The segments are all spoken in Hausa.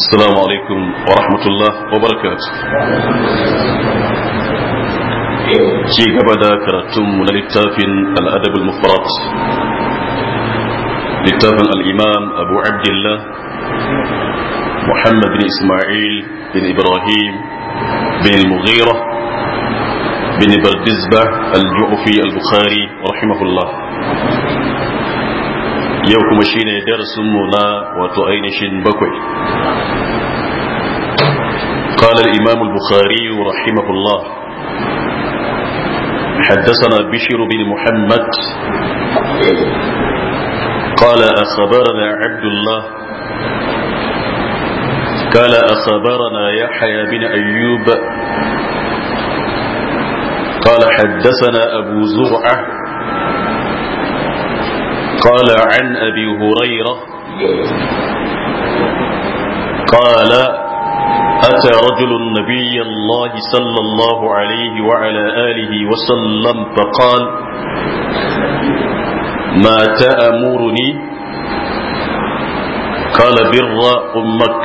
السلام عليكم ورحمة الله وبركاته شيء قبل كرتم من الكتاب الأدب المفرط لتاف الإمام أبو عبد الله محمد بن إسماعيل بن إبراهيم بن المغيرة بن بردزبع الجعفي البخاري رحمه الله yau kuma shine darasinmu na wato ainihin bakwai قال الإمام البخاري رحمه الله حدثنا بشر بن محمد قال أخبرنا عبد الله قال أخبرنا يحيى بن أيوب قال حدثنا أبو زرعة قال عن أبي هريرة قال أتى رجل النبي الله صلى الله عليه وعلى آله وسلم فقال ما تأمرني قال بر أمك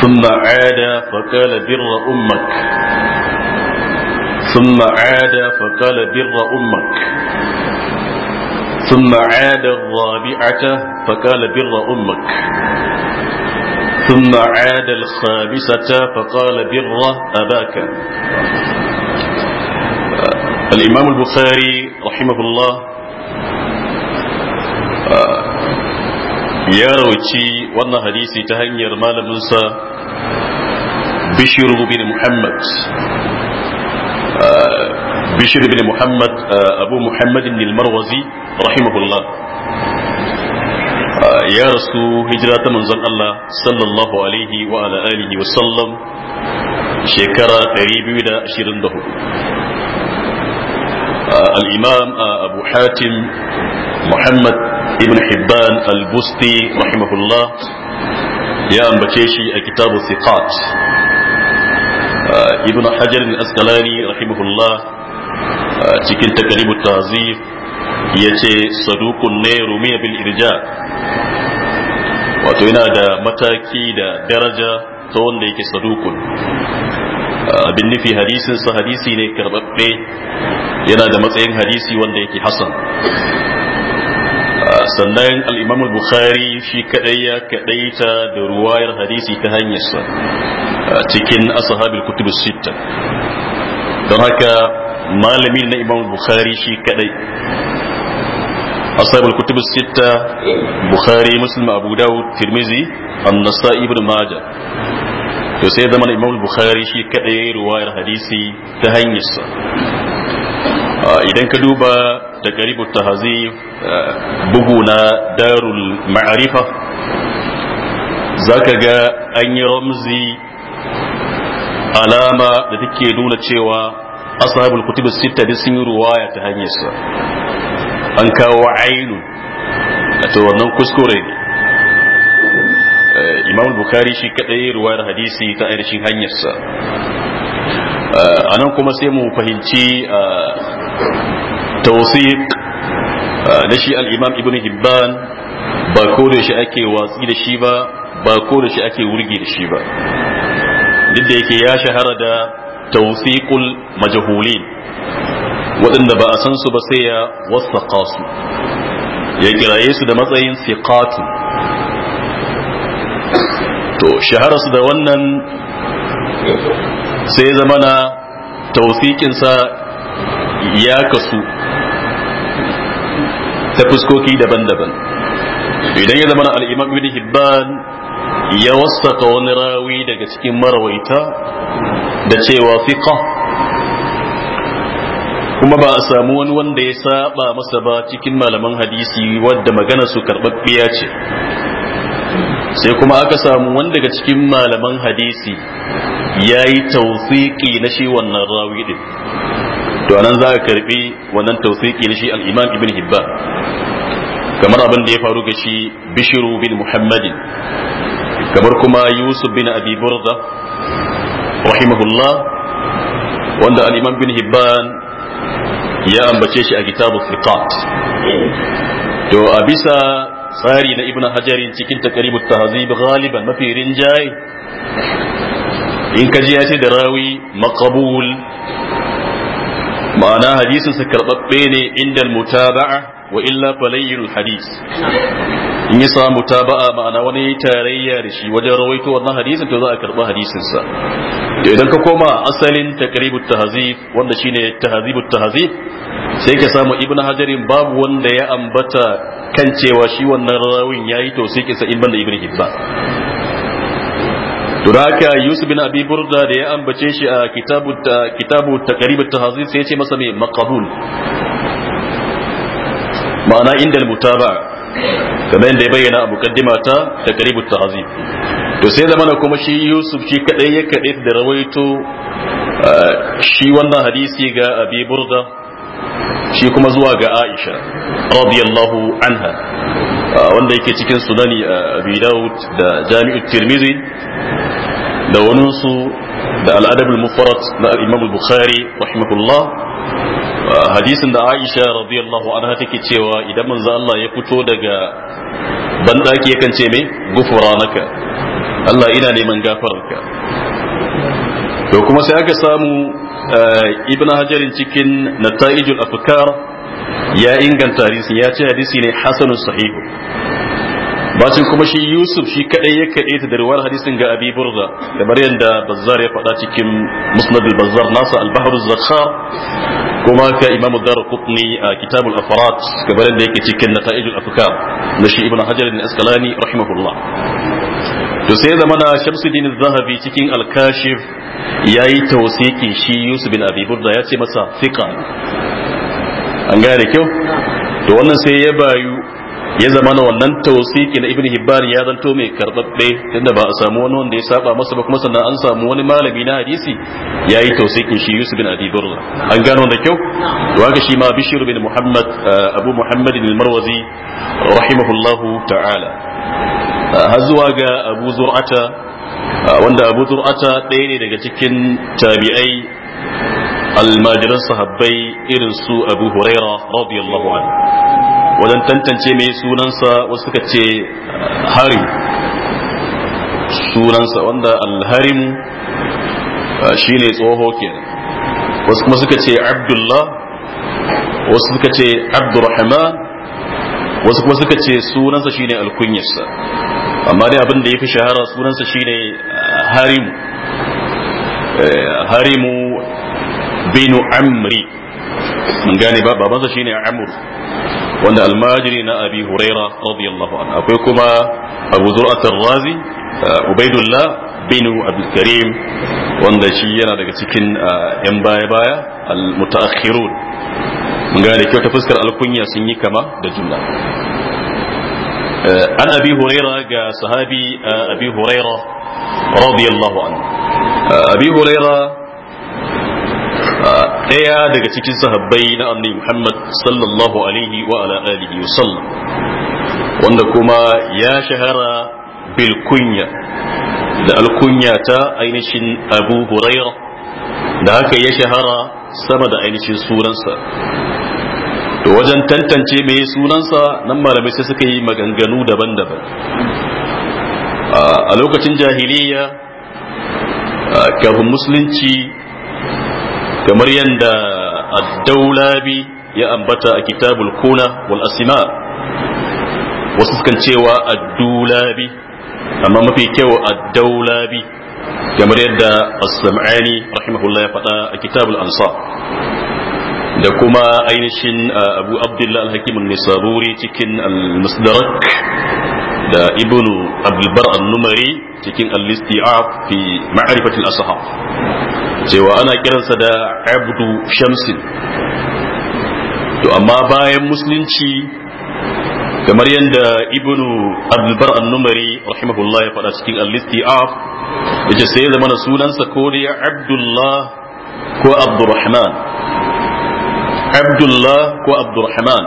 ثم عاد فقال بر أمك ثم عاد فقال بر أمك ثم عاد الرابعة فقال بر أمك ثم عاد الخامسة فقال بر أباك الإمام البخاري رحمه الله آه، يا روتي وانا hadisi ta hanyar موسى بشير بن محمد آه، بشير بن محمد آه، أبو محمد بن المروزي رحمه الله يا رسول هجرة من زن الله صلى الله عليه وعلى آله وسلم شكرا قريب إلى أشيرن ده آه، الإمام آه، أبو حاتم محمد ابن حبان البستي رحمه الله يا أنبتيشي كتاب الثقات ابن حجر الأسقلاني رحمه الله cikin takaribu tazif ya ce sadukun ne rumiya bil irja wato yana da mataki da daraja ta wanda yake sadukun abin nufi hadisinsa hadisi ne karɓaɓɓe yana da matsayin hadisi wanda yake hasan sannan al'imam bukhari shi kadai ya kaɗaita da ruwayar hadisi ta hanyarsa cikin asahabil kutubu sita don haka malami na imam bukhari shi kadai asabul kutub sita bukhari muslim abu dawud tirmizi an-nasa'i ibn majah to sai imam bukhari shi kadai ruwayar hadisi ta hanyarsa idan ka duba da garibu tahazib bugu na darul ma'arifa zaka ga an yi ramzi alama da take nuna cewa ashabul kutubus sita duk sun yi ruwaya ta hanyar sa an kawo ainu to wannan kuskure ne eh, imam bukhari shi kadai ruwayar hadisi ta ainihin hanyar sa eh, anan kuma sai mu fahimci eh, tawsiq da shi al-imam ibn hibban ba ko da shi ake watsi da shi ba ba ko da shi ake wurge da shi ba duk da yake ya shahara da توثيق المجهولين وإن بأسن سبسية والثقاس يجي رئيس دمزين ثقات تو شهر سدونا سيزمنا توثيق سا ياكسو تفسكوكي دبن دبن إذا يزمنا الإمام بن هبان ya wasaka wani rawi daga cikin marawaita da cewa fiqa kuma ba a samu wani wanda ya saba masa ba cikin malaman hadisi wadda magana su karɓaɓɓiya ce sai kuma aka samu wani daga cikin malaman hadisi ya yi tausiki na shi wannan rawi din to nan za ka karɓi wannan tausiki na shi al'imam ibn hibba kamar abin da ya faru ga shi bishiru bin muhammadin kamar kuma yusuf bin abi burda rahimahullah wanda al-imam bin hibban ya ambace shi a kitabu fiqat to a bisa tsari na ibn hajarin cikin takaribu tahzib galiban mafi rinjaye in ka ji ya ce da rawi maqbul ma'ana hadisin sa karbabbe ne inda mutaba'a wa illa falayyul hadis in ya samu mutaba'a ma'ana wani tarayya da shi wajen rawaito wannan hadisin to za a karba hadisin idan ka koma asalin taqribut tahzib wanda shine tahzibut tahzib sai ka samu ibnu hajarin babu wanda ya ambata kan cewa shi wannan rawin yayi to sai kisa ibn da ibn hibba to yusuf bin abi burda da ya ambace shi a kitabu kitabu taqribut tahzib sai ya ce masa mai maqbul ma'ana indal al-mutaba'a kamar inda ya bayyana a mukaddima ta taqribut tahzib to sai zamana kuma shi Yusuf shi kadai ya kadai da rawaito shi wannan hadisi ga Abi Burda shi kuma zuwa ga Aisha radiyallahu anha wanda yake cikin sunani Abi daud da jami'u tirmizi da waninsu da al mufarrat na al-Imam al-Bukhari rahimahullah hadisin da aisha radiyallahu anha take cewa idan manzo Allah ya fito daga bandaki yakan ce me gufuranaka Allah ina neman gafararka to kuma sai aka samu eh, ibn hajarin cikin nata'ijul afkar ya inganta hadisi ya ce hadisi ne hasanun sahihu bacin kuma shi yusuf shi kadai ya kaɗe ta da ruwan hadisin ga abi burza kamar yadda bazzar ya faɗa cikin musnad bazzar nasa al-bahr az kuma ka imam dar kutni a kitabul afarat gabanin da yake cikin nata'ijul afkar na shi ibn hajar ibn Askalani rahimahullah to sai zamana shamsuddin zahabi cikin al-kashif yayi tawsikin shi yusuf bin abi burda ya ce masa fiqa an gane kyau to wannan sai ya bayu ya zama na wannan tausiki na ibn hibban ya zanto mai karbabbe tunda ba a samu wani wanda ya saba masa ba kuma sannan an samu wani malami na hadisi ya yi tausikin shi yusuf bin abi burra an gano da kyau to haka shi ma bishir bin muhammad eh, abu muhammad bin marwazi rahimahullahu ta'ala eh, har zuwa ga abu zur'ata eh, wanda abu zur'ata ɗaya ne daga cikin tabi'ai almajiran sahabbai irin su abu huraira radiyallahu anhu wajen tantance mai sunansa wasu suka ce hari sunansa wanda alharim ah, ne tsoho kenan wasu kuma suka ce abdullah wasu suka ce abdurrahman wasu kuma suka ce sunansa shine alkunyarsa amma dai abin da ya fi shahara sunansa shine ah, harim eh, harimu binu amri mun gane ba babansa shine amur wanda almajiri na abi huraira radiyallahu anhu akwai kuma abu zur'at razi uh, ubaidullah bin abdul karim wanda shi yana daga cikin uh, yan baya baya almutaakhirun mun da kyau ta fuskar alkunya sun yi kama da juna uh, an abi huraira ga sahabi abi huraira radiyallahu anhu abi huraira daya daga cikin sahabbai na annabi Muhammad sallallahu alaihi wa ala alihi wa sallam wanda kuma ya shahara bil kunya da alkunya ta ainihin Abu Hurairah da haka ya shahara sama da ainihin sunansa to wajen tantance mai sunansa nan malamai sai suka yi maganganu daban-daban a lokacin jahiliya kafin musulunci kamar yadda addaulabi ya ambata a kitabul kuna wal asima wasu sukan cewa addulabi amma mafi kyau addaulabi kamar yadda as-sam'ani rahimahullah ya faɗa a kitabul ansa da kuma ainihin abu abdullah al-hakim nisaburi cikin al-musdarak da ibnu abdulbar al-numari cikin al-isti'af fi ma'rifatil ashab cewa ana kiransa da abdu shamsin to amma bayan musulunci kamar yadda ibnu bar annumari rahimahullah ya faɗa cikin al af yace sai ya zama sunansa ko ya abdullah ko abdurrahman abdullah ko abdurrahman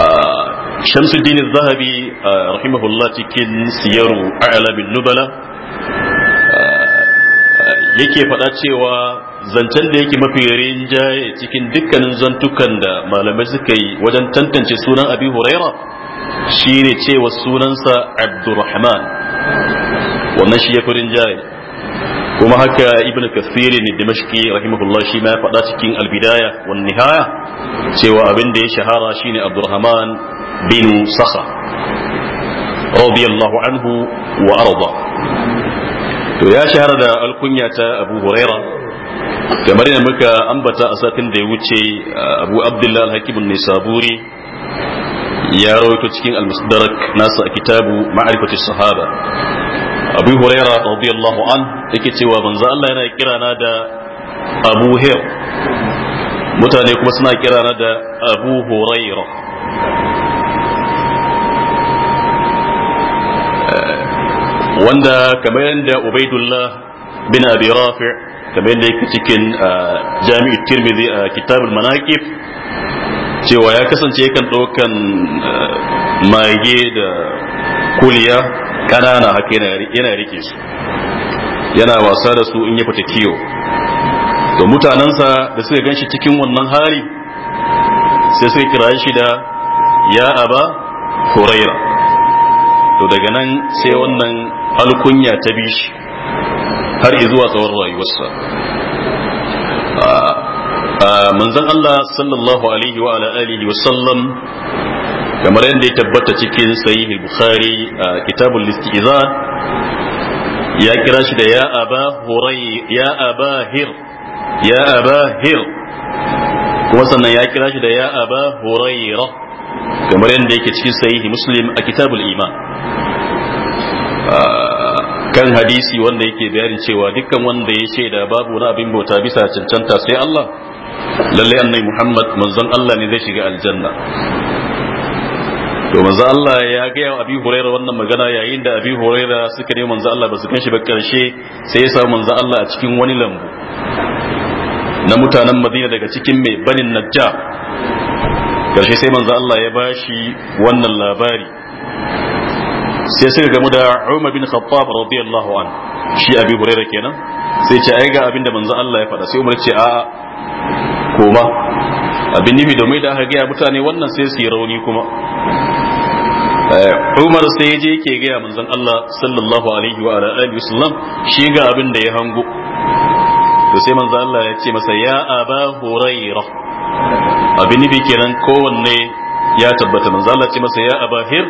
ah, shamsuddin zahabi ah, rahimahullah cikin siyaru bin nubala yake faɗa cewa zancen da yake mafi rinjaye cikin dukkanin zantukan da malamai suka yi wajen tantance sunan abi huraira ne cewa sunansa abdurrahman wannan shi ya fi kuma haka ibn kasiri ne dimashqi rahimahullah shi ma ya faɗa cikin albidaya wan nihaya cewa abin da ya shahara shine abdurrahman bin sakha radiyallahu anhu wa arda to ya shahara da alkunya ta abu huraira kamar yadda muka ambata a satin da ya wuce abu abdullahi alhakimun nisaburi ya rawaito cikin almusdarak nasa a kitabu ma'arifatu sahaba abu huraira radiyallahu an yake cewa manzo Allah yana kira na da abu hir mutane kuma suna kira na da abu huraira wanda kamar yadda ubaidullah bin abi rafi' kamar yadda yake cikin uh, jami'i tirmidhi a uh, kitabul manaqib cewa ya kasance yakan ɗaukan uh, mage da kuliya ƙanana haka yana rike su yana wasa da su in ya fita kiyo to mutanensa da suka ganshi cikin wannan hali sai suka kira shi da ya aba huraira to daga nan sai wannan alkunya ta bi shi har zuwa tsawon rayuwarsa Manzan Allah sallallahu alaihi wa alihi wa sallam kamar yadda ya tabbata cikin sahih bukhari a kitabul istiza ya kira shi da ya aba hurai ya aba hir ya aba hir kuma sannan ya kira shi da ya aba huraira kamar yadda yake cikin sahihi muslim a kitabul iman kan hadisi wanda yake bayani cewa dukkan wanda ya ce da babu wani abin bauta bisa cancanta sai Allah lalle annai Muhammad manzon Allah ne zai shiga aljanna to manzon Allah ya ga yau Abi Hurairah wannan magana yayin da Abi Hurairah suka ne manzon Allah ba su kanshi shi ba karshe sai ya samu manzon Allah a cikin wani lambu na mutanen Madina daga cikin mai banin Najja karshe sai manzon Allah ya bashi wannan labari sai suka gamu da Umar bin Khattab radiyallahu an shi Abi Hurairah kenan sai ce ai ga abin da manzo Allah ya faɗa sai Umar ce a koma abin domin da mai da aka gaya mutane wannan sai su yi rauni kuma eh, Umar sai ya je yake gaya manzon Allah sallallahu alaihi wa alihi wasallam shi ga abin da ya hango to sai manzo Allah ya ce masa ya Aba Hurairah abin nufi kenan kowanne ya tabbata manzo Allah ce masa ya Aba Hir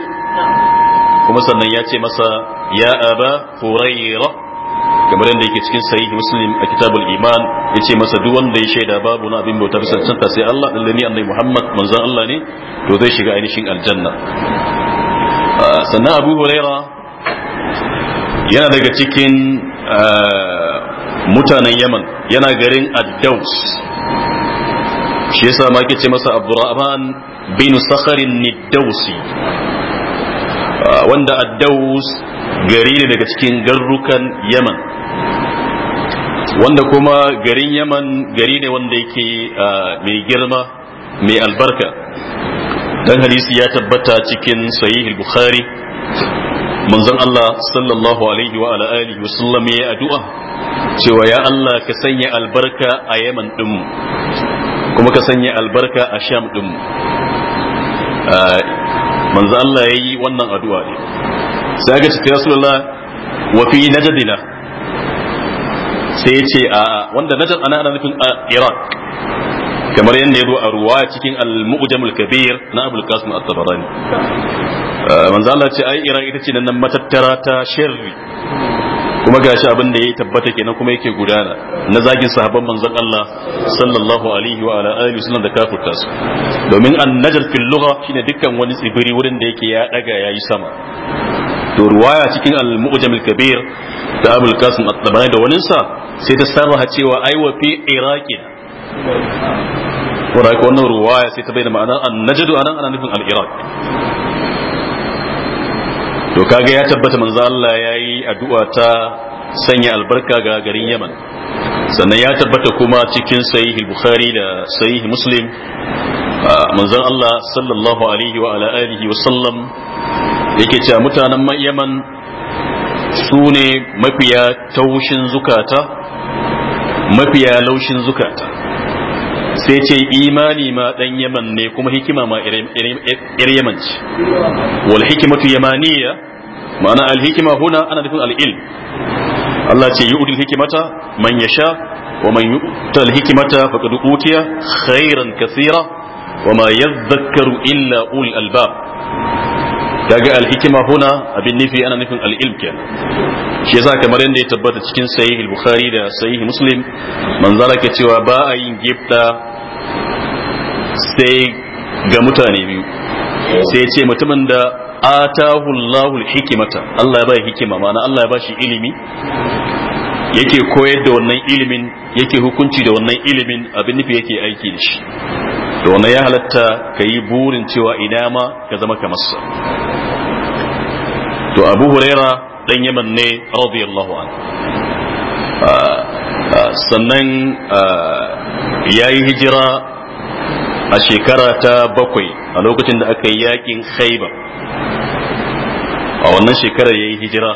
kuma sannan ya ce masa ya aba hurayra kamar yadda yake cikin sahihi muslim a kitabul iman ya ce masa duk wanda ya shaida babu na abin bauta bisa canta sai Allah lalle ni annabi Muhammad manzon Allah ne to zai shiga ainihin aljanna ah, sannan Abu Huraira yana daga cikin ah, mutanen Yaman yana garin addaus shi yasa ma ke ce masa Abdurrahman bin Sakharin niddausi wanda addaus gari ne daga cikin garrukan yaman wanda kuma garin yaman gari ne wanda yake mai girma mai albarka dan hadisi ya tabbata cikin sahih bukhari manzon Allah sallallahu alaihi wa ala alihi wasallam ya addu'a cewa ya Allah ka sanya albarka a yaman din kuma ka sanya albarka a sham din manzo Allah yi wannan addu'a ne sai ga cikin rasulullah wa fi najdina sai ya ce a wanda najd ana ana nufin a iraq kamar yadda ya zo a ruwa cikin al-mu'jamul kabir na abul qasim at-tabarani manzo Allah ce ai iran ita ce nan matattara ta sharri kuma gashi abin da ya tabbata kenan kuma yake gudana na zagin sahabban manzon Allah sallallahu alaihi wa ala alihi wasallam da kafirta su domin an najar fil lugha shine dukkan wani tsibiri wurin da yake ya daga yayi sama to ruwaya cikin al-mu'jam al-kabir da Abul Qasim at-Tabari da wani sa sai ta sarraha cewa ai wa fi iraqi wannan ruwaya sai ta bayyana ma'anar an najadu anan ana nufin al-iraq to kaga ya tabbata manzo Allah yayi addu'a ta sanya albarka ga garin Yaman sannan ya tabbata kuma cikin sahih bukhari da sahih muslim manzon Allah sallallahu alaihi wa ala alihi wa sallam yake cewa mutanen Yaman su ne mafiya taushin zukata mafiya laushin zukata sai ce imani ma dan yaman ne kuma hikima ma irin yaman wal hikimatu yamaniya ma'ana alhikima huna ana nufin al'ilm Allah ce yu'dil hikimata man yasha wa man yu'ta alhikimata faqad utiya khairan kasira wa ma yadhakkaru illa ul albab daga alhikima huna abin nufi ana nufin al'ilm ke. shi yasa kamar yadda ya tabbata cikin sahih bukhari da sahih muslim manzala ke cewa ba a yin gifta sai ga mutane biyu sai ce mutumin da atahu Allahu hikimata Allah ya bai hikima ma'ana Allah ya shi ilimi yake koyar da wannan ilimin yake hukunci da wannan ilimin abin nufi yake aiki da shi da wannan ya halatta ka yi burin cewa ina ma ka zama kamar sa to Abu Huraira dan Yaman ne radiyallahu anhu sannan yayi hijira a shekara ta bakwai a lokacin da aka yi yakin Khaibar a wannan shekarar ya yi hijira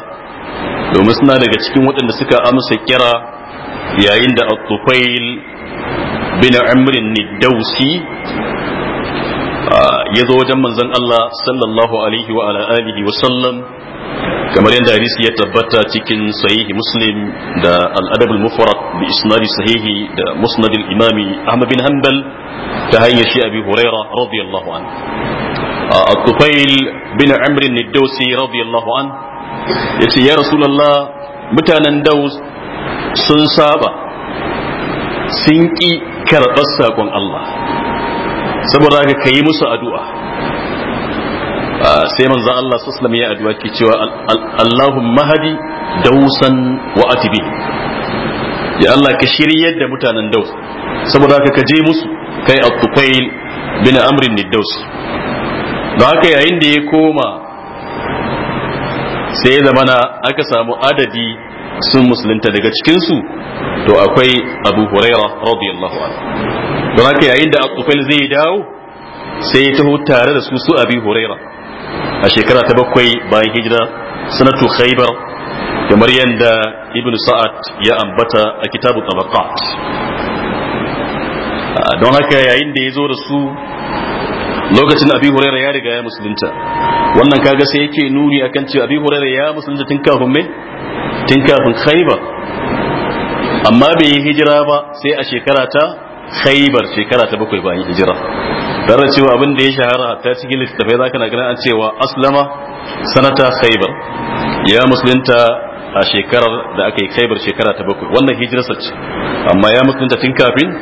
domin suna daga cikin waɗanda suka amsa kira yayin da al-tufail bin amrin nidausi ya zo wajen manzon Allah sallallahu alaihi wa alihi wa sallam kamar yadda hadisi ya tabbata cikin sahihi muslim da al-adab mufrad bi isnadi sahihi da musnad al-imami Ahmad bin Hanbal ta hanyar shi Abi Huraira radiyallahu anhu Tufail bin Amr Niddausi radiyallahu an yace ya Rasulullah mutanen Daus sun saba sun ki karɓar sakon Allah saboda ka kai musu addu'a sai manzo Allah sallallahu alaihi ya addu'a ke cewa Allahumma hadi dausan wa atibi ya Allah ka shiryar da mutanen Daus saboda ka je musu kai at-Tufail bin Amr Niddausi da haka yayin da ya koma sai zama na aka samu adadi sun musulunta daga cikinsu to akwai abu huraira radiyallahu anhu don haka yayin da abdufal zai dawo sai ya taho tare da su su abi huraira a shekara ta bakwai bayan hijira sanatu khaybar kamar yadda ibn sa'ad ya ambata a kitabu tabaqat don haka yayin da ya zo da su lokacin abi huraira ya riga ya musulunta wannan kaga sai yake nuni akan cewa abi huraira ya musulunta tun kafin me tun kafin khaybar amma bai yi hijira ba sai a shekara ta khaybar shekara ta bakwai bayan hijira tare cewa abin da ya shahara ta cikin littafai zaka na ganin an cewa aslama sanata khaybar ya musulunta a shekarar da aka yi khaybar shekara ta bakwai wannan hijirarsa ce amma ya musulunta tun kafin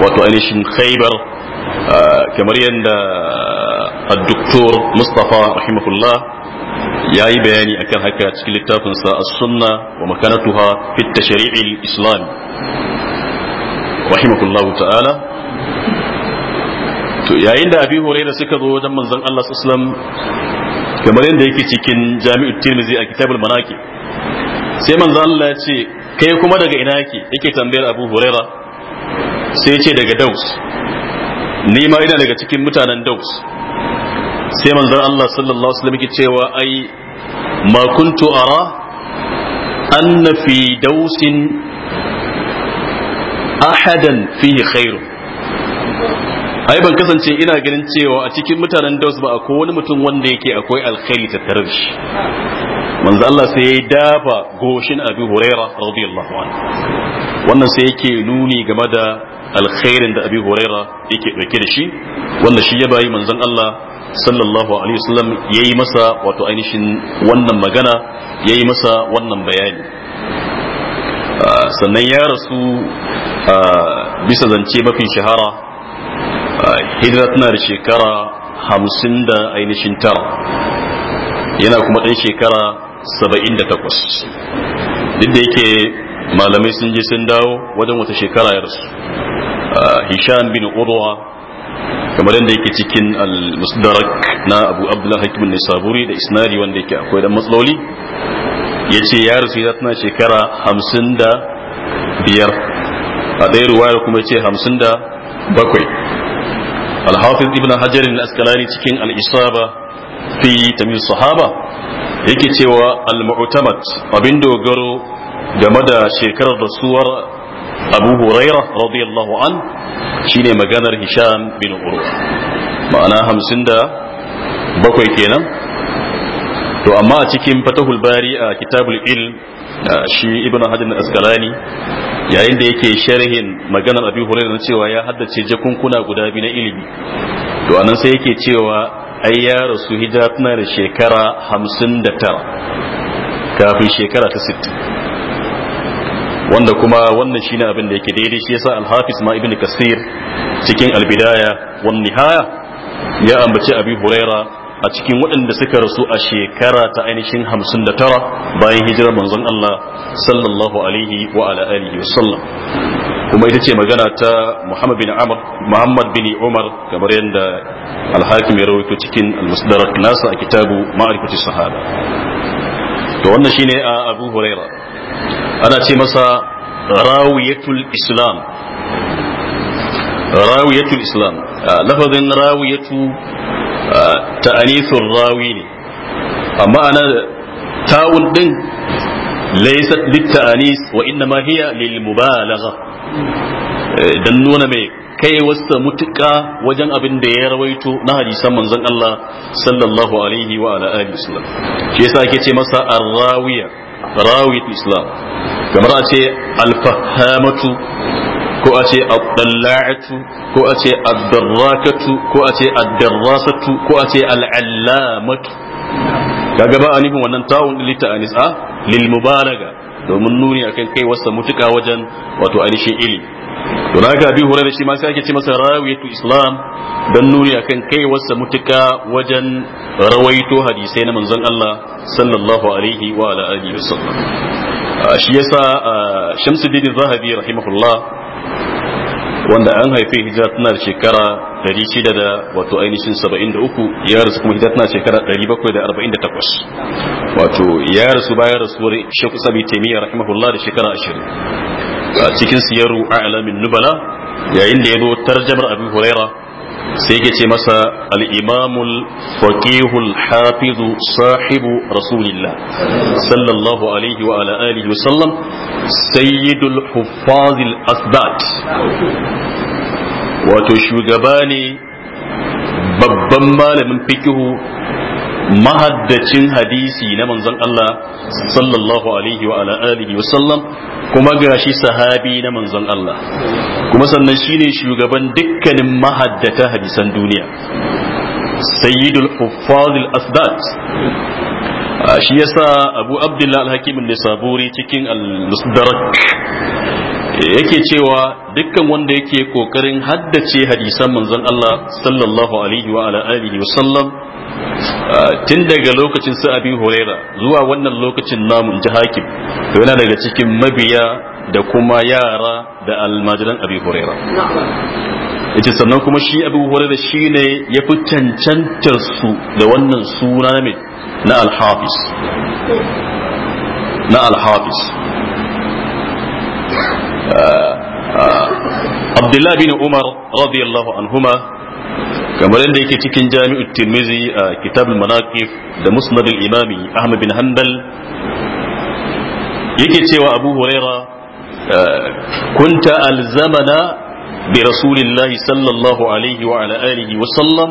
wato ainihin khaybar kamar yadda addoktor mustapha rahimahullah ya yi bayani akan haka cikin littafinsa as-sunna wa makanatuha fit tashri'il islam rahimahullah ta'ala to yayin da abi hurairah suka zo wajen manzon Allah sallallahu alaihi kamar yadda yake cikin jami'ut tirmizi a kitabul manaki sai manzon Allah ya ce kai kuma daga ina yake yake tambayar abu hurairah sai ya ce daga daus ni ma ina daga cikin mutanen daus sai manzon Allah sallallahu alaihi wasallam yake cewa ai ma kuntu ara anna fi dausin ahadan fihi khairu ai ban kasance ina ganin cewa a cikin mutanen daus ba akwai wani mutum wanda yake akwai alkhairi tattare shi manzo Allah sai ya dafa goshin Abi Huraira radiyallahu anhu wannan sai yake nuni game da alkhairin da abi huraira yake dauke da shi wanda shi ya bayi manzon Allah sallallahu alaihi wasallam yayi masa wato ainihin wannan magana yayi masa wannan bayani ah, sannan ya rasu ah, bisa zance mafi shahara ah, hijira tana da shekara hamsin da ainihin tara yana kuma ɗan shekara saba'in da takwas yake malamai sun je sun dawo wajen wata shekara ya rasu hisham bin urwa kamar yadda yake cikin al-musdarak na abu abdullahi hakim saburi da isnari wanda yake akwai dan matsaloli ya ce ya rasu ya tana shekara hamsin da biyar a ɗaya ruwayar kuma ya ce hamsin da bakwai alhafiz ibn hajar na askalani cikin al-isaba fi tamil sahaba yake cewa al-mu'tamad abin dogaro game da shekarar rasuwar abu huraira radiyallahu an shine maganar hisham bin urwa ma'ana hamsin da bakwai kenan to amma a cikin fatahul bari a kitabul ilm shi ibn hajjan askalani yayin da yake sharhin maganar abu huraira na cewa ya haddace jakunkuna guda biyu na ilimi to anan sai yake cewa ai ya rasu hijira tana da shekara hamsin da tara kafin shekara ta sittin wanda kuma wannan shine abin da yake daidai shi yasa al-hafiz ma ibnu kasir cikin al-bidaya wan nihaya ya ambaci abi huraira a cikin waɗanda suka rasu a shekara ta ainihin da tara bayan hijirar manzon Allah sallallahu alaihi wa ala alihi kuma ita ce magana ta Muhammad bin Amr Muhammad bin Umar kamar yadda al-Hakim ya rawaito cikin al-Musdarak nasa a kitabu Ma'rifatu Sahaba to wannan shine a Abu Hurairah ana ce masa rawiyatul islam rawiyatul islam lafazin rawiyatu ta'anisur rawi ne amma ana ta'un din laysat litta'anis wa inna ma hiya lil mubalagha dan nuna mai kai wasu mutuka wajen abin da ya rawaito na hadisan manzon Allah sallallahu alaihi wa ala alihi wasallam shi yasa ake ce masa arrawiya rawi islam kamar a ce alfahamatu ko a ce addalla'atu ko a ce addarrakatu ko a ce addarrasatu ko a ce al'allamatu kaga ba a nufin wannan tawun lita anisa lil mubalaga domin nuni akan kai wasa mutuka wajen wato ainihin ilimi to da haka abi da shi ma sai ake ce masa rawiyatu islam don nuni akan kai wasa mutuka wajen rawaito hadisai na manzon Allah sallallahu alaihi wa ala alihi wasallam shi yasa Shamsuddin Zahabi rahimahullah wanda an haife hijira tana da shekara dari shida da wato ainihin saba'in da uku ya rasu kuma hijira tana shekara dari bakwai da arba'in da takwas wato ya rasu bayan rasuwar shekku sami taimiyya rahimahullah da shekara ashirin a cikin siyaru a alamin nubala yayin da ya zo tarjamar abin huraira sai yake ce masa al'imamul faƙihul hafizu sahibu rasulillah sallallahu alaihi wa ala alihi wasallam sayyidul hufazil asbat wato shugaba ne babban malamin fikihu mahaddacin hadisi na manzon Allah sallallahu alaihi wa ala alihi wa sallam kuma gashi sahabi na manzon Allah kuma sannan shine shugaban dukkanin mahaddata hadisan duniya sayyidul huffaz al-asdat shi yasa abu abdullahi al-hakim an-nisaburi cikin al-musdarak yake cewa dukkan wanda yake kokarin haddace hadisan manzon Allah sallallahu alaihi wa ala alihi wa sallam tun daga lokacin su abi huraira zuwa wannan lokacin namun ji hakim to yana daga cikin mabiya da kuma yara da almajiran abi huraira yace sannan kuma shi abu hurairah shine ya fi cancantar su da wannan suna na al-hafiz na alhafis. na abdullahi bin umar radiyallahu anhuma kamar yadda yake cikin jami'ut tirmizi a kitab al-manaqib da musnad al-imami ahmad bin hanbal yake cewa abu huraira kunta alzamana bi rasulillahi sallallahu alaihi wa ala alihi wa sallam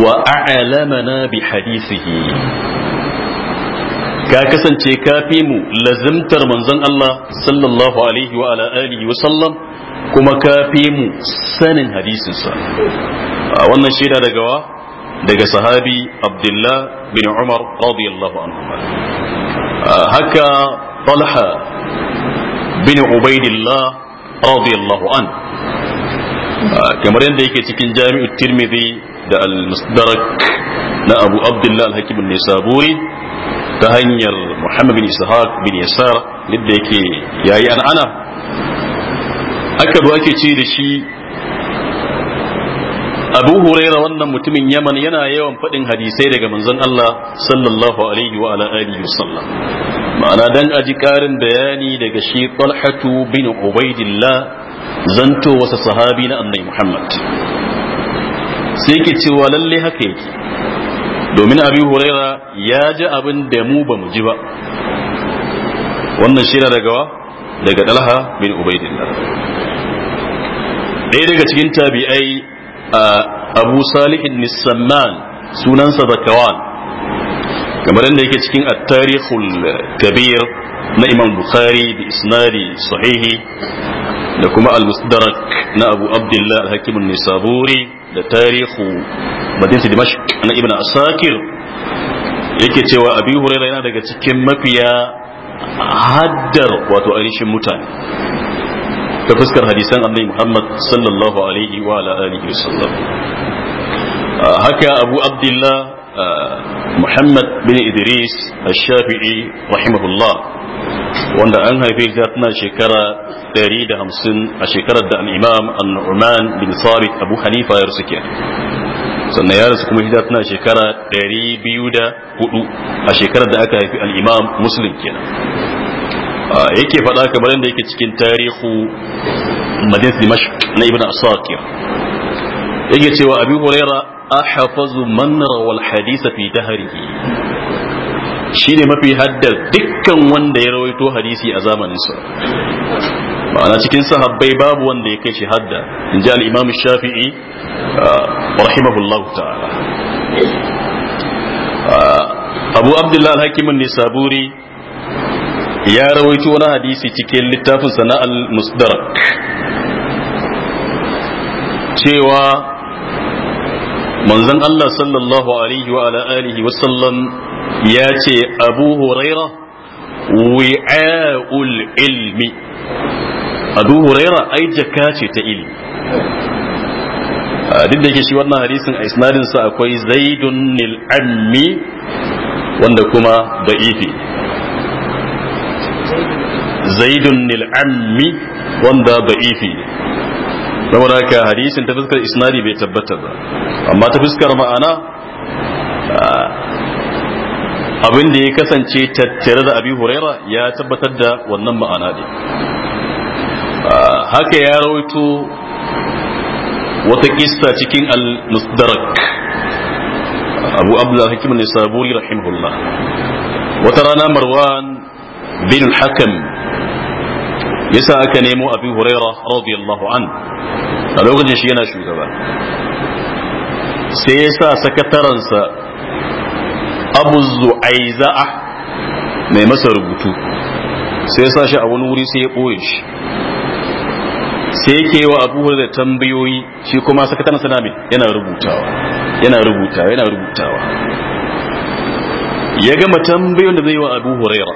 wa a'lamana bi hadithihi ka kasance ka fi mu lazimtar manzon Allah sallallahu alaihi wa ala alihi wa sallam kuma ka fi mu sanin hadisinsa wannan shaida daga wa daga sahabi Abdullah bin Umar radiyallahu anhu haka Talha bin Ubaidillah radiyallahu an kamar yadda yake cikin jami'ut Tirmidhi da al-Musdarak na Abu Abdullah al-Hakim an-Nisaburi ta hanyar muhammad bin ishaq bin yasar yadda yake yayi an'ana aka zo ake ce da shi abu huraira wannan mutumin yaman yana yawan faɗin hadisai daga manzon Allah sallallahu alaihi wa ala alihi ma'ana dan aji karin bayani daga shi talhatu bin ubaidillah zanto wasa sahabi na annabi muhammad sai ke cewa lalle haka yake domin abi huraira ya ji abin da mu ba mu ji ba wannan shi daga wa daga dalha bin ubaidillah ɗaya daga cikin tabi'ai a abu salihin nisamman sunansa zakawan kamar yadda yake cikin at kabir na imam bukhari bi isnadi sahihi da kuma al na abu abdullah al-hakim an-nisaburi da tarihu madinatu dimashq na ibn asakir yake cewa abi huraira yana daga cikin mafiya haddar wato ainihin mutane ta fuskar hadisan annabi muhammad sallallahu alaihi wa ala alihi wasallam haka abu abdullah muhammad bin idris al-shafi'i rahimahullah wanda an haife ta tana shekara 150 a shekarar da al-imam an-nu'man bin sabit abu hanifa ya rusuke sannan ya rasu kuma hijira tana shekara 204 a shekarar da aka haifi al-imam muslim kenan yake faɗa kamar yadda yake cikin tarihu madinat dimashq na ibn asakir yake cewa abi huraira ahafazu man rawal hadisa fi dahrihi shine mafi haddar dukkan wanda ya rawaito hadisi a zamanin sa ma'ana cikin sahabbai babu wanda ya kai shi hadda in ji al-imam shafi'i rahimahullahu ta'ala abu abdullahi al-hakimin nisaburi ya rawaito wani hadisi cikin littafin sana'al musdarak cewa manzon Allah sallallahu alaihi wa ala wa sallam ya ce Abu Huraira wi'a'ul ilmi Abu Huraira jaka ce ta ilmi duk da yake shi wannan hadisin a isnadinsa akwai Zaidun nil'ammi wanda kuma da'ifi Zaidun nil'ammi ammi wanda da'ifi ne saboda haka hadisin ta fuskar isnadi bai tabbata ba amma ta fuskar ma'ana ah, abin da ya kasance tattare da abi huraira ya tabbatar da wannan ma'ana ne ah, haka ya rawaito wata kista cikin al-musdarak abu abdullah hakim ne saburi rahimahullah wata rana marwan bin hakam yasa aka nemo abi huraira radiyallahu an a lokacin shi yana shugaba sai yasa sakataransa abu zu'aiza'a mai masa rubutu sai yasa shi a wani wuri sai ya ɓoye shi sai yake wa abu da tambayoyi shi kuma sakataransa na yana rubutawa yana rubutawa yana rubutawa ya gama tambayoyin da zai wa abu huraira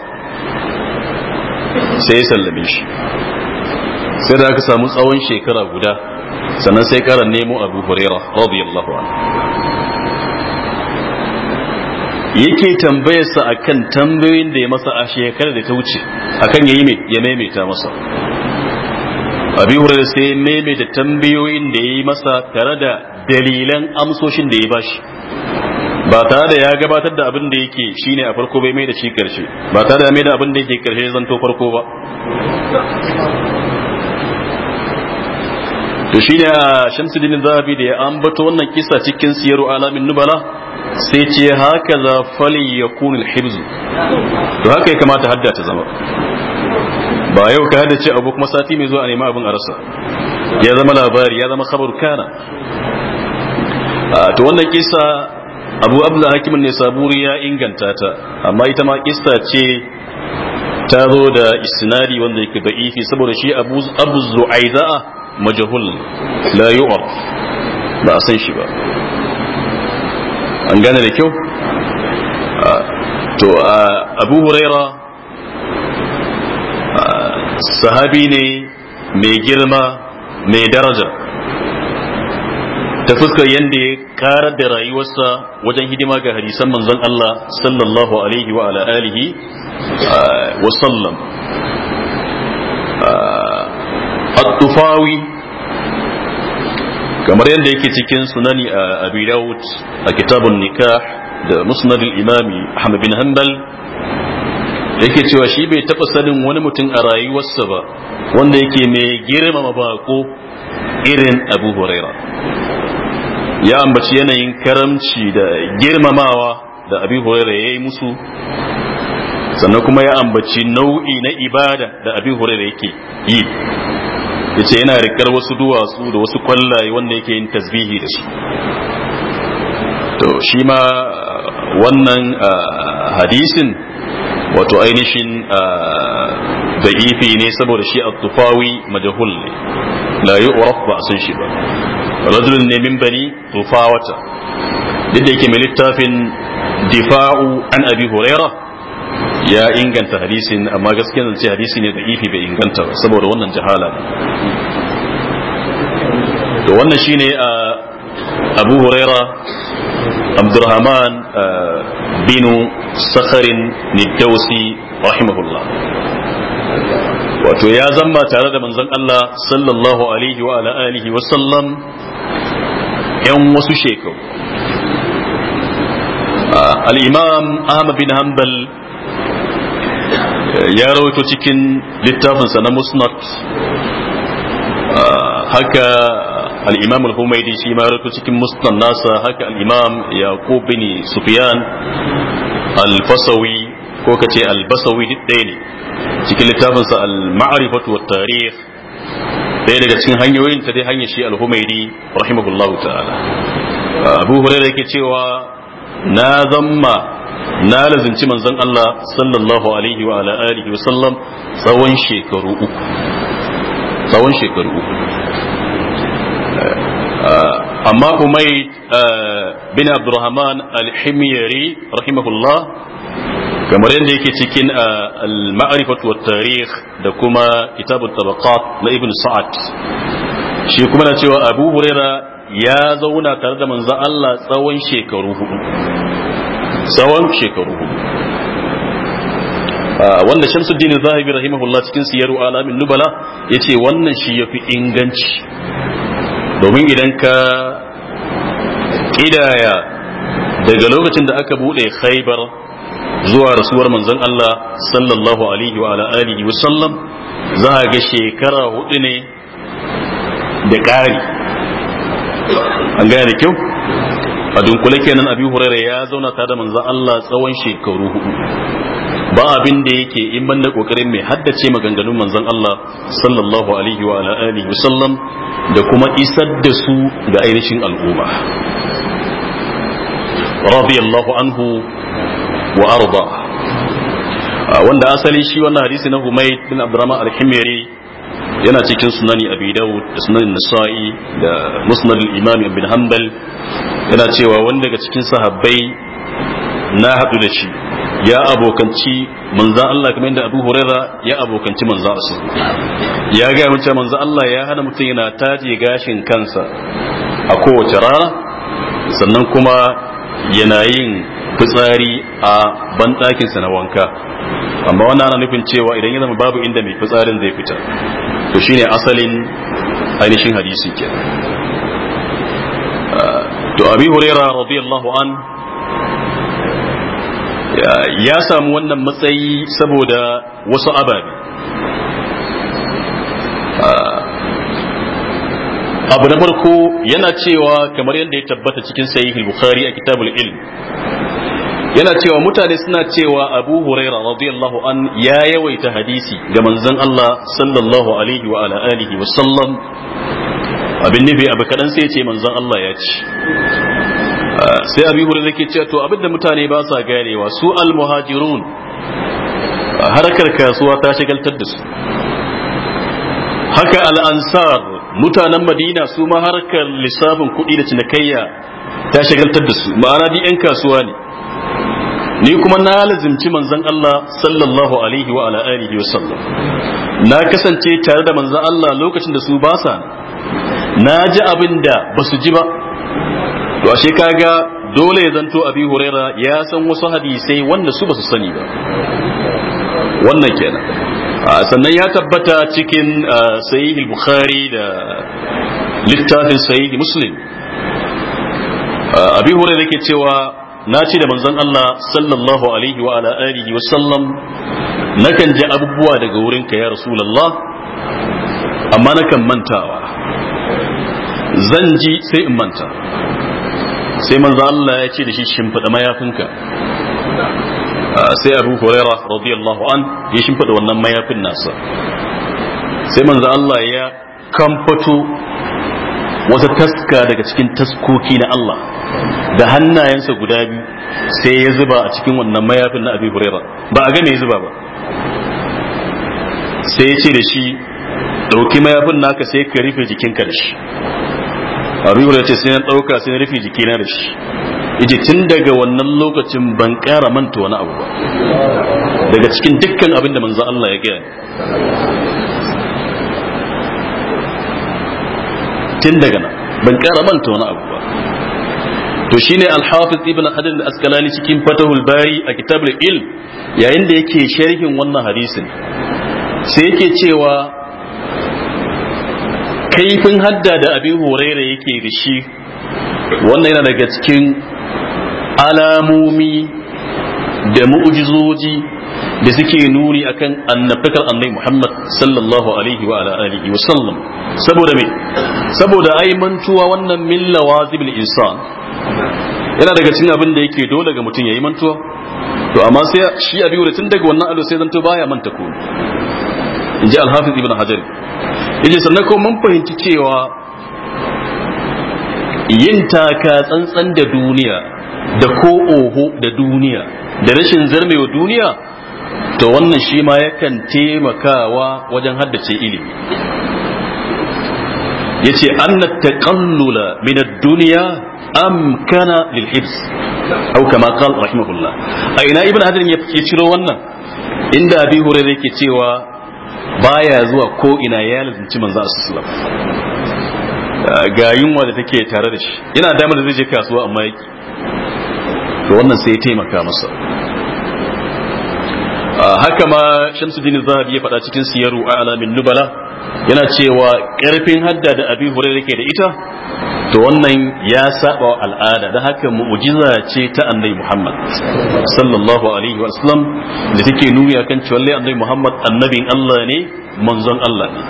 sai ya sallame shi sai da aka samu tsawon shekara guda sannan sai kara nemo abu hurera radiyallahu anhu yake tambayarsa akan tambayoyin da ya masa a shekarar da ta wuce akan yayi mai ya maimaita masa abi hurera sai maimaita tambayoyin da ya yi masa tare da dalilan amsoshin da ya bashi ba tare da ya gabatar da abin da yake shine a farko bai mai da shi karshe ba tare da mai da abin da yake karshe zan to farko ba to shine a shamsuddin zahabi da ya ambato wannan kisa cikin siyaru alamin nubala sai ce haka za fali ya kunul hibzu to haka ya kamata hadda ta zama ba yau ka haddace abu kuma sati mai zuwa a nema abin a rasa ya zama labari ya zama khabar kana to wannan kisa abu abdullah hakimin ne saburi ya inganta ta amma ita ma kista ce ta zo da isnadi wanda yake da'ifi saboda shi abu abu zu'aiza majhul la yu'raf ba a san shi ba an gane da kyau to abu huraira sahabi ne mai girma mai daraja ta fuskar yadda ya kara da rayuwarsa wajen hidima ga hadisan manzon Allah sallallahu alaihi wa ala alihi uh, wa sallam uh, at-tufawi kamar yadda yake cikin sunani a Abi Dawud a kitabun nikah da musnad imami Ahmad bin Hanbal yake cewa shi bai taɓa sanin wani mutum a rayuwarsa ba wanda yake mai girmama bako irin abu huraira ya ambaci yanayin karamci da girmamawa da abi huraira ya yi musu sannan kuma ya ambaci nau'i na ibada da abi huraira yake yi ya ce yana rikar wasu duwatsu da wasu kwallaye wanda yake yin tasbihi da su to shi ma uh, wannan uh, hadisin wato ainihin uh, da'ifi ne saboda shi a tufawi majahul ne la yi ba sun shi ba rajulun ne min bani rufawata. duk da yake mai littafin difa'u an abi huraira ya inganta hadisin amma gaskiya zance hadisi ne da ifi bai inganta ba saboda wannan jahala to wannan shine a abu huraira abdurrahman binu sakharin nidausi rahimahullah wato ya zama tare da manzon Allah sallallahu alaihi wa wa sallam 'yan wasu shekaru al'imam ahmad bin hanbal eh, ya rawaito cikin littafinsa na musnad haka al'imam al-humaidi shi ma rawaito cikin musnad nasa haka al'imam yaqub bin sufyan al-fasawi ko ka ce al-basawi ɗaya ne cikin littafinsa al-ma'arifatu wa tarikh ɗaya daga cikin hanyoyin ta dai hanyar shi al-humaidi rahimahullahu ta'ala abu hurairah yake cewa na zamma na lazinci manzon Allah sallallahu alaihi wa ala alihi wa sallam tsawon shekaru uku tsawon shekaru uku amma Humayd eh, bin Abdurrahman al-Himyari rahimahullah kamar yadda yake cikin uh, al-ma'rifat wa tarikh da kuma kitab tabaqat na ibn sa'ad shi kuma na cewa abu huraira ya zauna tare da manzo Allah tsawon shekaru hudu tsawon shekaru hudu uh, wanda shamsuddin zahabi rahimahullah cikin siyaru alamin nubala yace wannan shi yafi inganci domin idan ka kidaya daga lokacin da aka bude khaybar zuwa rasuwar manzon Allah sallallahu alaihi wa alihi wa sallam za a ga shekara hudu ne da ƙari an gaya da kyau a dunkule kenan abi hurairah ya zauna tare da manzon Allah tsawon shekaru hudu ba abin da yake in ban da kokarin mai haddace maganganun manzon Allah sallallahu alaihi wa alihi sallam da kuma isar da su ga ainihin al'umma radiyallahu anhu wa arda ah, wanda asali shi wannan hadisi na Humayd bin Abdurrahman al yana cikin sunani Abi da sunan Nasa'i da Musnad al-Imam Ibn Hanbal yana cewa wanda daga cikin sahabbai na hadu da shi ya abokanci manzan Allah kamar inda Abu Huraira ya abokanci manzan asu ya gaya mace manza Allah ya hana mutum yana taje gashin kansa a kowace rana sannan kuma yana yin fitsari a banɗakinsa na wanka amma wannan ana nufin cewa idan ya zama babu inda mai fitsarin zai fita to shine asalin ainihin hadisi. ke ah, to abi huraira radiyallahu an ya samu wannan matsayi saboda wasu ababe ah, abu na farko yana cewa kamar yadda ya tabbata cikin sahihul bukhari a kitabul ilm yana cewa mutane suna cewa abu huraira radiyallahu an ya yawaita hadisi ga manzon Allah sallallahu alaihi wa ala alihi wa sallam abin nufi abu kadan sai ce manzon Allah ya ce ah, sai abu huraira ke cewa to abin da mutane ba sa ganewa su Al almuhajirun harkar kasuwa ta shagaltar da su haka al'ansar mutanen madina su ma harkar lissafin kuɗi da cinikayya ta shagaltar da su ma'ana di 'yan kasuwa ne ni kuma na lazimci manzan Allah sallallahu alaihi wa ala alihi wa sallam na kasance tare da manzan Allah lokacin da su ba sa na ji abin da ba su ji ba to ashe kaga dole ya zanto abi huraira ya san wasu hadisai wanda su ba su sani ba wannan kenan sannan ya tabbata cikin sahih bukhari da littafin sahih muslim abi huraira yake cewa na ce da manzon Allah sallallahu alaihi wa ala alihi wa sallam nakan je abubuwa daga wurin ka ya rasulullah amma nakan mantawa zan ji sai in manta sai manzon Allah ya ce da shi shimfiɗa mayafinka sai Abu Huraira radiyallahu an ya shimfiɗa wannan mayafin nasa sai manzon Allah ya kamfato wata taska daga cikin taskoki na Allah da hannayensa guda biyu sai ya zuba a cikin wannan mayafin na abi huraira ba a gane ya zuba ba sai ya ce da shi ɗauki mayafin naka sai ka rufe jikinka da shi abi huraira ce sai na ɗauka sai na rufe jikina da shi yace tun daga wannan lokacin ban ƙara manta wani abu ba daga cikin dukkan abin da manzo Allah ya gaya tun daga nan ban kara manta wani abu ba to shine al-hafiz ibn hajar al askalani cikin fatahul bari a kitabul ilm yayin da yake sharhin wannan hadisin sai yake cewa kaifin hadda da abin horaira yake da shi wannan yana daga cikin alamomi da mu'ujizoji da suke nuni akan annabtakan annabi Muhammad sallallahu alaihi wa ala alihi wa sallam saboda me saboda ai mantuwa wannan min wazibul insan yana daga cikin abin da yake dole ga mutum yayi mantuwa to amma sai shi abi da tun daga wannan alo sai zanto baya manta ko inji al-hafiz ibn hajar yace sannan ko mun fahimci cewa yin taka tsantsan da duniya da ko oho da duniya da rashin zarmewa duniya to wannan shi ma yakan taimakawa wajen haddace ilimi yace anna taqallula min ad-dunya amkana lil hibs aw kama qala rahimahullah a ina ibn hajar ya ciro wannan inda abi hurairah yake cewa baya zuwa ko ina ya lazimci manzo sallallahu ga yunwa da take tare da shi yana damar da zai je kasuwa amma yake to wannan sai ya taimaka masa haka ma shamsuddin zahabi ya faɗa cikin siyaru a alamin nubala yana cewa ƙarfin hadda da abi hurairu ke da ita to wannan ya saba wa al'ada da haka mu'jiza ce ta annabi muhammad sallallahu alaihi wa sallam da take nuni akan cewa lai annabi muhammad annabin allah ne manzon allah ne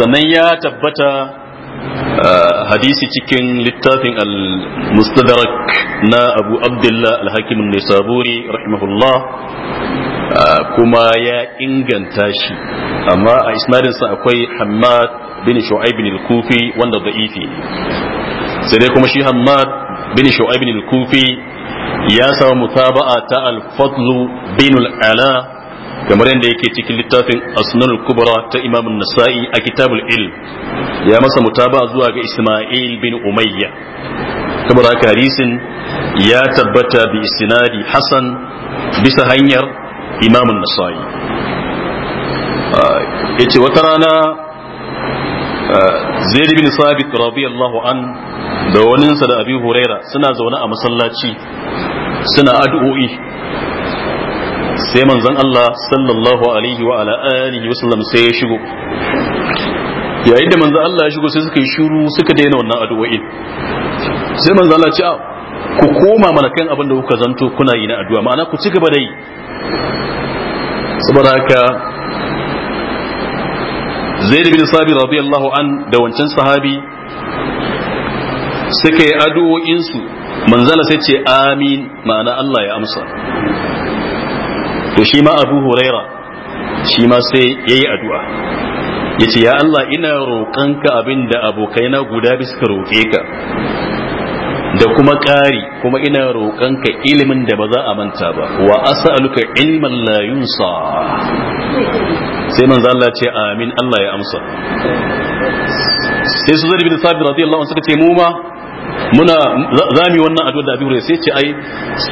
sannan ya tabbata hadisi cikin littafin al-mustadrak na abu abdullah al-hakim nisaburi rahimahullah kuma ya inganta shi amma a isnadinsa akwai hamad bin shu'aib bin al-kufi wanda da'ifi sai dai kuma shi hamad bin shu'aib bin al-kufi ya samu mutaba'a ta al-fadl bin al-ala kamar yadda yake cikin littafin asnul kubra ta imam nasa'i a kitabul ilm ya masa mutaba zuwa ga isma'il bin umayya kamar haka ya tabbata bi istinadi hasan bisa hanyar imam nasa'i ah, yace wata rana ah, zaid bin sabit radiyallahu an da waninsa da abi huraira suna zaune a masallaci suna addu'o'i sai manzon Allah sallallahu alaihi wa ala alihi wa sallam sai ya shigo yayin da manzon Allah ya shigo sai suka yi shiru suka daina wannan addu'o'in sai manzon Allah ce ah, ku koma mana kan abin da kuka zanto kuna yi na addu'a ma'ana ku ci gaba da yi saboda haka zaid bin sabi radiyallahu an da wancan sahabi suka yi addu'o'insu manzala sai ce amin ma'ana Allah ya amsa to shi ma abu huraira shi ma sai ya yi addu'a ya ce ya Allah ina roƙonka abin da abokaina guda bi suka roƙe ka da kuma ƙari kuma ina roƙonka ilimin da ba za a manta ba wa as'aluka ilman la yunsa sai manzo Allah ce amin Allah ya amsa sai su zari bin sabir radiyallahu anhu suka ce mu ma muna zami wannan addu'a da abubuwa sai ce ai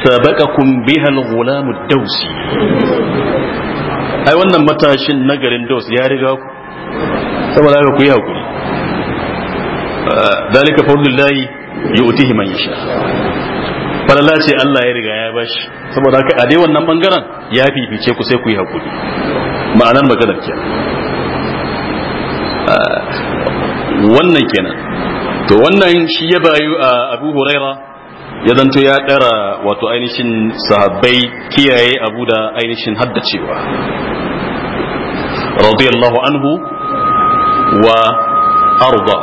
sabaqakum biha al-ghulam ad-dawsi ai wannan matashin nagarin daus ya riga ku saboda haka ku yi hakuri eh, dalika fadlullahi yu'tihi man yasha falala ce Allah ya riga ya bashi saboda haka a dai wannan bangaren ya fifice ku sai ku yi hakuri ma'anar magana kenan eh, wannan kenan to wannan shi ya bayu a abu huraira ya zanto ya ɗara wato ainihin sahabbai kiyaye abu da ainihin haddacewa radiyallahu anhu wa arda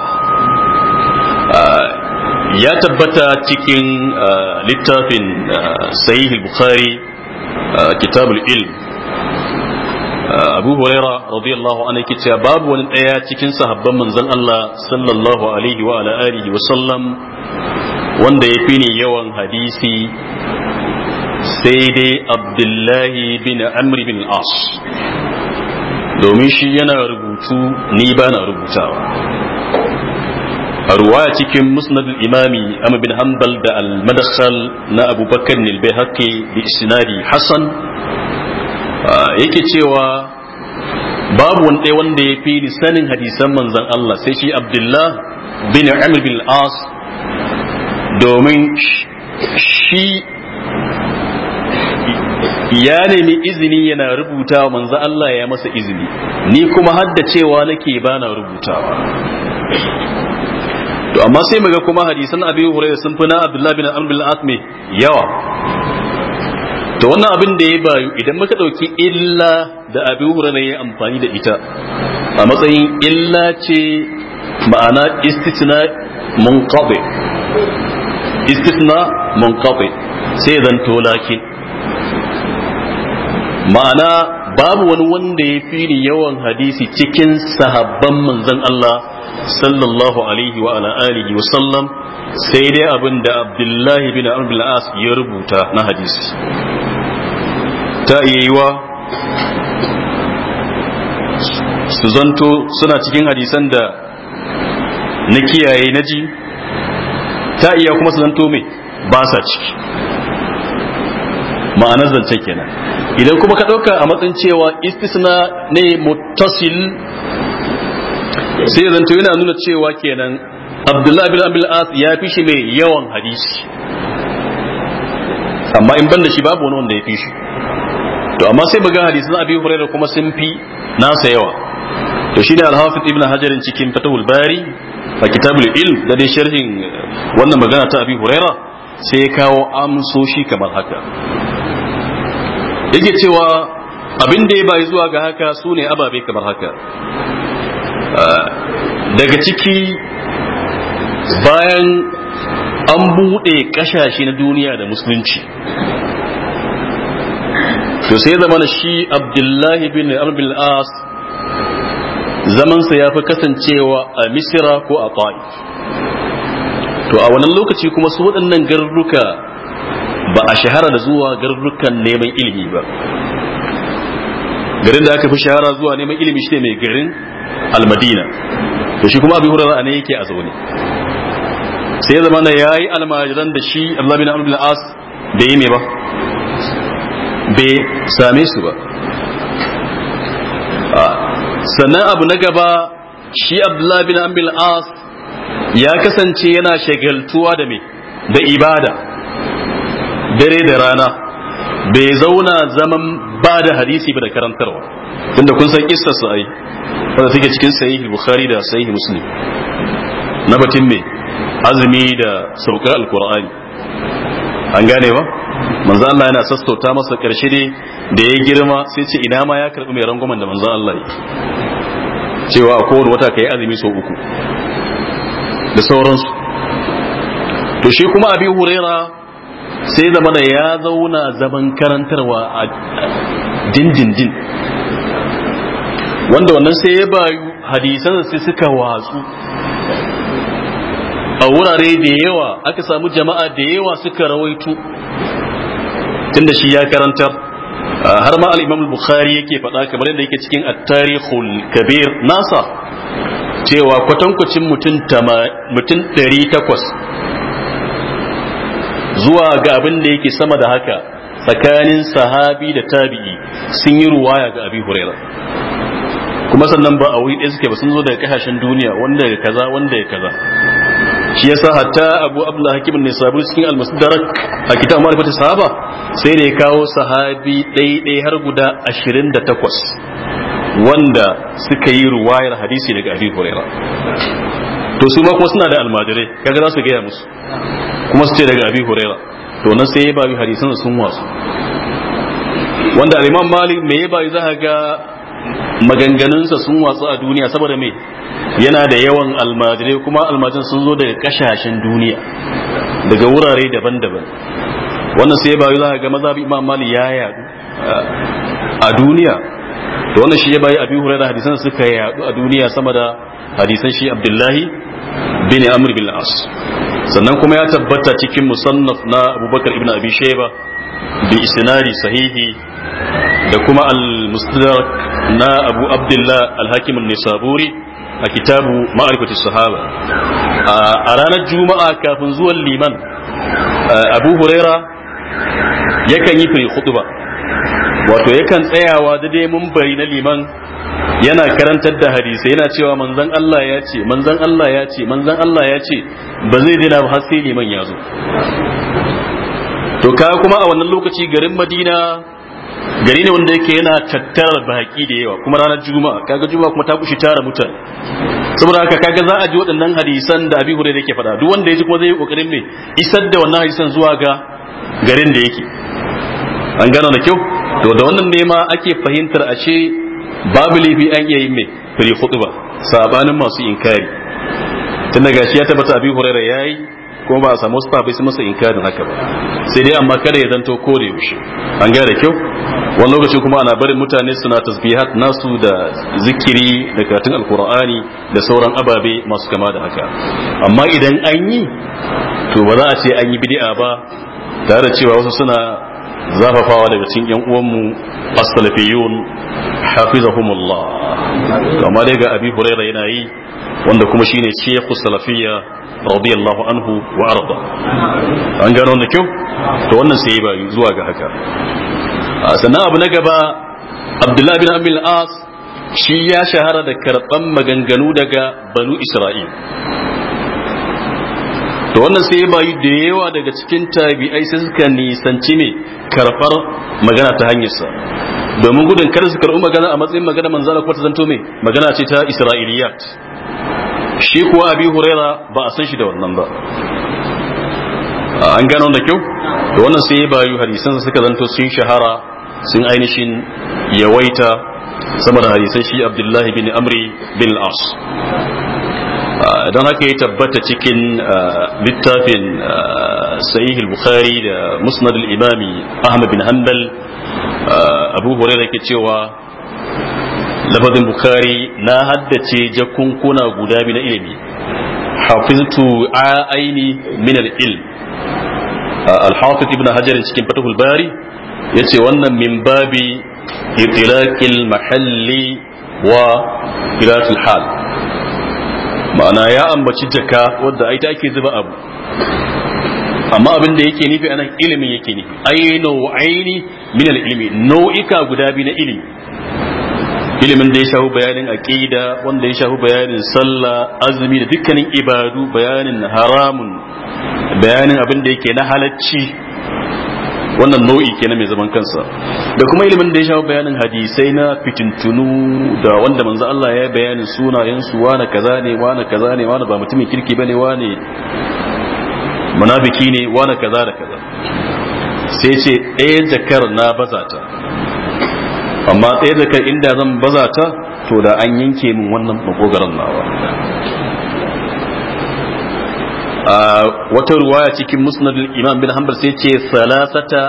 ya tabbata cikin littafin sahih bukhari kitabul ilm abu huraira radiyallahu anhu yake cewa babu wani daya cikin sahabban manzon Allah sallallahu alaihi wa ala alihi wa sallam wanda ya fi ne yawan hadisi sai dai abdullahi bin amr bin as domin shi yana rubutu ni ba na rubutawa a ruwaya cikin musnad imami amr bin hanbal da al-madakhal na abubakar nilbe haqqi bi isnadi hassan Ah, yake cewa babu wani wanda ya fi ni sanin hadisan manzan Allah sai shi Abdullah bin Amr bin As domin shi ya nemi izini yana rubutawa manzan Allah ya masa izini ni kuma hadda cewa nake bana rubutawa to amma sai muga kuma hadisan Abi Hurairah sun fi na Abdullah bin Amr bin As mai yawa to wannan abin da ya bayu idan muka ɗauki illa da abin wura na ya amfani da ita a matsayin illa ce ma'ana istitna munqati istitna munqati sai zanto lakin ma'ana babu wani wanda ya fi ni yawan hadisi cikin sahabban manzon Allah sallallahu alaihi wa ala alihi wa sallam sai dai abin da abdullahi bin as ya rubuta na hadisi ta iya yiwa su zanto suna cikin hadisan da na kiyaye na ji ta iya kuma su zanto mai ba sa ciki ma'anar zance kenan idan kuma ka ɗauka a matsayin cewa istisna ne mutasil sai zanto yana nuna cewa kenan abdullahi bin as ya fi shi mai yawan hadisi amma in ban da shi babu wani wanda ya fi shi to amma sai buga hadisin abi huraira kuma sun fi nasa yawa to shine al-hafiz ibn hajar cikin fatahul bari a kitabul ilm da dai sharhin wannan magana ta abi huraira sai ya kawo amsoshi kamar haka yake cewa abin da ya bayi zuwa ga haka sune ababe kamar haka daga ciki bayan an buɗe ƙasashe na duniya da musulunci to sai zama shi abdullahi bin al as zamansa ya fi kasancewa a misira ko a ta'i to a wannan lokaci kuma su waɗannan garuruka ba a shahara da zuwa garurukan neman ilimi ba garin da aka fi shahara zuwa neman ilimi shi ne mai garin almadina to shi kuma abin hurara ne yake a zaune sai ya zama na ya yi almajiran da shi Allah bin Abdul As da yi mai ba bai same su ba sannan abu na gaba shi Abdullah bin Abdul As ya kasance yana shagaltuwa da me da ibada dare da rana bai zauna zaman ba da hadisi ba da karantarwa tunda kun san kissa su ai wanda take cikin sahihi bukhari da sahihi muslim na batun me azumi da saukar alkur'ani an gane ba manzo Allah yana sassauta masa karshe ne da ya girma sai ce ina ma ya karbi mai rangwamen da manzo Allah cewa a kowane wata kai azumi sau uku da sauransu to shi kuma abi huraira sai zama da ya zauna zaman karantarwa a jinjinjin wanda wannan sai ya bayu hadisan sai suka watsu a wurare da yawa aka samu jama'a da yawa suka rawaito tunda shi ya karantar har ma al-imam bukhari yake faɗa kamar yadda yake cikin at-tarikhul kabir nasa cewa kwatankwacin mutum 800 zuwa ga abin da yake sama da haka tsakanin sahabi da tabi'i sun yi ruwaya ga abi huraira kuma sannan ba a wuri ɗaya suke ba sun zo daga kasashen duniya wanda ya kaza wanda ya kaza shi yasa hatta abu abdullah hakim ne sabu cikin almusdarak a kitab ma'rifatu sahaba sai da ya kawo sahabi daidai har guda 28 wanda suka yi ruwayar hadisi daga abi hurairah to su ma kuma suna da almajirai kaga za su gaya musu kuma su ce daga abi hurairah to nan sai ya babi hadisan sun wasu wanda al-imam malik me ya bayi za ga maganganunsa sun watsu a duniya saboda me yana da yawan almajirai kuma almajin sun zo daga kashashen duniya daga wurare daban-daban wannan sai yi za ga maza bi imam mali ya yadu a duniya da wannan shi ya bayi hurai da hadisan suka yadu a duniya sama da hadisan shi abdullahi bin amr bin as sannan kuma ya tabbata cikin musannaf na abubakar ibn abi shayba bi isnadi sahihi da kuma al-mustadrak na abu abdullah al-hakim an-nisaburi a kitabu ma'arifatu sahaba a ranar juma'a kafin zuwan liman eh, abu huraira yakan yi fil khutba wato yakan tsayawa da dai mun bari na liman yana karantar da hadisai yana cewa manzon Allah ya ce manzon Allah ya ce manzon Allah ya ce ba zai dina ba har sai liman ya zo to ka kuma a wannan lokaci garin Madina gari ne wanda yake yana tattara baki da yawa kuma ranar juma'a kaga juma'a kuma ta kushi tara mutane saboda haka kaga za a ji waɗannan hadisan da abi hurairah yake faɗa duk wanda ya ji kuma zai yi kokarin me isar da wannan hadisan zuwa ga garin da yake an gano da kyau to da wannan ne ma ake fahimtar ashe babu laifi an iya yin mai firi khutba sabanin masu inkari tun da gashi ya tabbata bi hurairah yayi kuma ba a samu wasu tafai su masa inkarin haka ba sai dai amma kada ya zanto ko da yaushe an da kyau wani lokaci kuma ana barin mutane suna tasbihat nasu da zikiri da karatun alkur'ani da sauran ababe masu kama da haka amma idan an yi to ba za a ce an yi bid'a ba tare da cewa wasu suna zafafawa daga cikin yan uwanmu as-salafiyun hafizahumullah kamar daga abi huraira yana yi wanda kuma shine shekhu salafiyya radiyallahu anhu wa arda an gano da kyau to wannan sai ba zuwa ga haka sannan abu na gaba abdullahi bin amil as shi ya shahara da karban maganganu daga banu isra'il to wannan sai bayi da yawa daga cikin tabi'ai sai suka nisanci ne karfar magana ta hanyarsa domin gudun kada su karɓi magana a matsayin magana Allah ko ta zanto mai magana ce ta isra'iliyat shi kuwa abi huraira ba a san shi da wannan ba an gano da kyau da wannan sai bayu hadisan suka zanto sun shahara sun ainihin yawaita sama hadisan shi abdullahi bin amri bin al-as don haka ya tabbata cikin littafin sahih bukhari da musnad al-imami ahmad bin hanbal abu hurairah yake cewa lafazin bukhari na haddace jakunkuna guda biyu na ilimi hafiztu aini min al-ilm al-hafiz ibn hajar cikin fatahul bari yace wannan min babi itlaqil mahalli wa itlaqil hal ma'ana ya ambaci jaka wadda ai ta ke zuba abu amma abin da yake nufi anan ilimin yake nufi wa aini min ilimi nau'ika guda biyu na ilimi ilimin da ya shafi bayanin aqida wanda ya shafi bayanin sallah azumi da dukkanin ibadu bayanin haramun bayanin abin da yake na halacci wannan nau'i kenan mai zaman kansa da kuma ilimin da ya shawo bayanin hadisai na fitintunu da wanda manzo Allah ya bayani sunayen su wani kaza ne wani kaza ne wani ba mutumin kirki bane wani munafiki ne wani kaza da kaza sai ce ɗaya eh, jakar na bazata amma ɗaya jakar inda zan bazata to da an yanke min wannan makogaran nawa wata ruwaya cikin musnadul imam bin hanbal sai ce salasata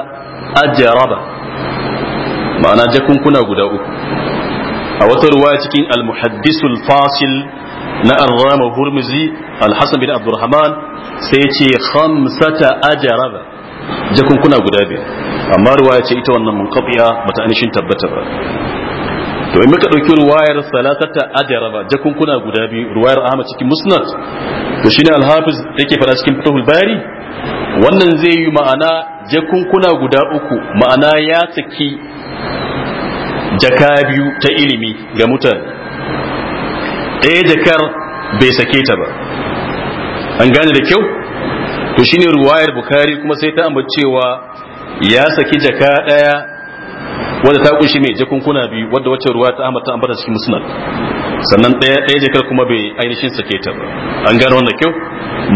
ajraba ma'ana jakunkuna guda uku a wata ruwaya cikin al-muhaddisul fasil na arrama hurmizi al-hasan bin abdurrahman sai ce khamsata ajraba jakunkuna guda biyar amma ruwaya ce ita wannan munqabiya bata anishin tabbata ba to in muka ɗauki ruwayar salasata ajaraba jakunkuna guda biyu ruwayar ahmad cikin musnad to shine alhafiz yake fara cikin fatahul bari wannan zai yi ma'ana jakunkuna guda uku ma'ana ya saki jaka biyu ta ilimi ga mutane ɗaya jakar bai sake ta ba an gane da kyau to shine ruwayar bukari kuma sai ta ambacewa ya saki jaka ɗaya wadda ta kunshi mai jakunkuna biyu wadda wacce ruwa ta amata ambata cikin musnad sannan ɗaya ɗaya jakar kuma bai ainihin sake ta ba an gano wanda kyau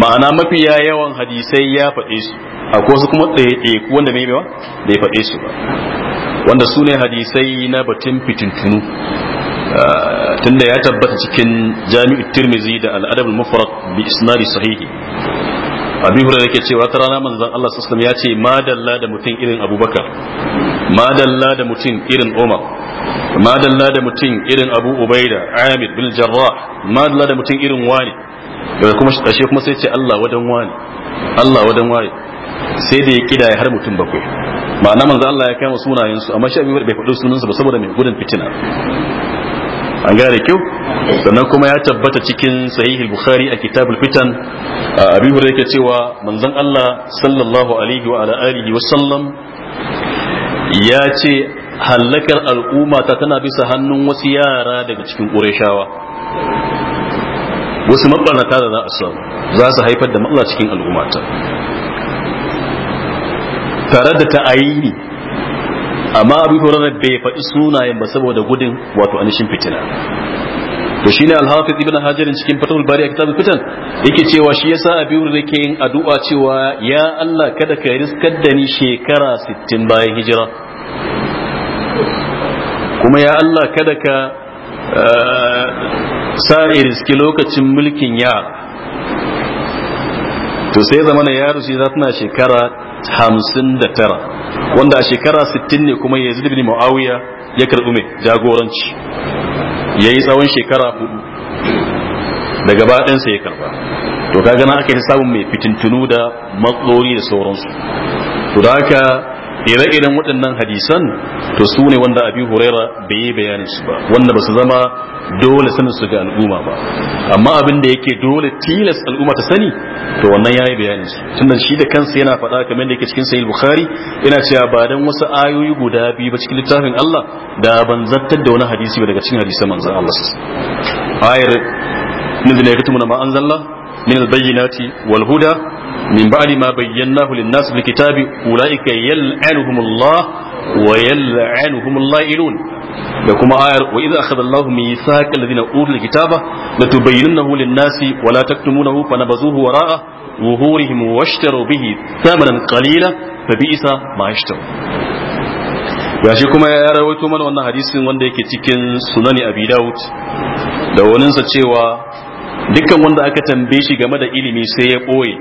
ma'ana mafi yawan hadisai ya faɗe su akwai wasu kuma ɗaya wanda mai mewa da ya faɗe su ba wanda su ne hadisai na batun fitintunu ah, tunda ya tabbata cikin jami'ut tirmizi da al'adab al-mufrad bi isnadi sahihi abi hurairah yake cewa ta rana manzon Allah sallallahu alaihi wasallam ya ce ma madalla da mutum irin abubakar ma madalla da mutum irin umar madalla da mutum irin abu ubaida amir bin jarrah madalla da mutum irin wani daga kuma kashe kuma sai ce Allah wadan wani Allah wadan wani sai da ya kida har mutum bakwai ma'ana manzo Allah ya kama sunayensu amma shi abubakar bai faɗo sunansa ba saboda mai gudun fitina an gane kyau sannan kuma ya tabbata cikin sahihul bukhari a kitabul fitan abi hurairah yake cewa manzon Allah sallallahu alaihi wa ala alihi wa sallam ya ce hallakar al'umma ta tana bisa hannun wasu yara daga cikin qurayshawa wasu mabarnata da za a samu za su haifar da matsala cikin al'ummata tare da ta'ayini amma abu hurairah bai faɗi sunayen ba saboda gudun wato anishin fitina to shine al-hafiz ibn hajar cikin fatahul bari a kitabul fitan yake cewa shi yasa abi hurairah yake yin addu'a cewa ya Allah kada ka riskar da ni shekara 60 bayan hijira kuma ya Allah kada ka eh, sa riski lokacin mulkin ya to sai zamana yaro shi za tana shekara hamsin da tara wanda a shekara sittin ne kuma yanzu ibn muawiya ya karɓi mai jagoranci ya yi tsawon shekara hudu daga baɗinsa ya karɓa to kaga na aka yi samun mai fitintunu da matsori da sauransu to da haka ire-iren waɗannan hadisan to su ne wanda abi huraira bai yi bayanin su ba wanda ba su zama dole sanin su ga al'umma ba amma abin da yake dole tilas al'umma ta sani to wannan yayi bayanin su tunda shi da kansa yana faɗa kamar da yake cikin sahih bukhari yana cewa ba dan wasu ayoyi guda biyu ba cikin littafin Allah da ban zartar da wani hadisi ba daga cikin hadisan manzon Allah ayar nidda ne ya kitumuna ma anzalla min al-bayyinati wal huda min ba'di ma bayyanahu lin-nas fil kitabi ulaika yal'anuhumullah wa yal'anuhumul da kuma ayar wa idza akhadha Allahu mithaqal ladina utul kitaba latubayyinahu lin-nasi wa la taktumunahu fanabazuhu wara'a wuhurihim washtaru bihi thamanan qalila fa bi'sa ma Ya shi kuma ya rawaito mana wannan hadisin wanda yake cikin sunani abi daud da waninsa cewa dukkan wanda aka tambaye shi game da ilimi sai ya ɓoye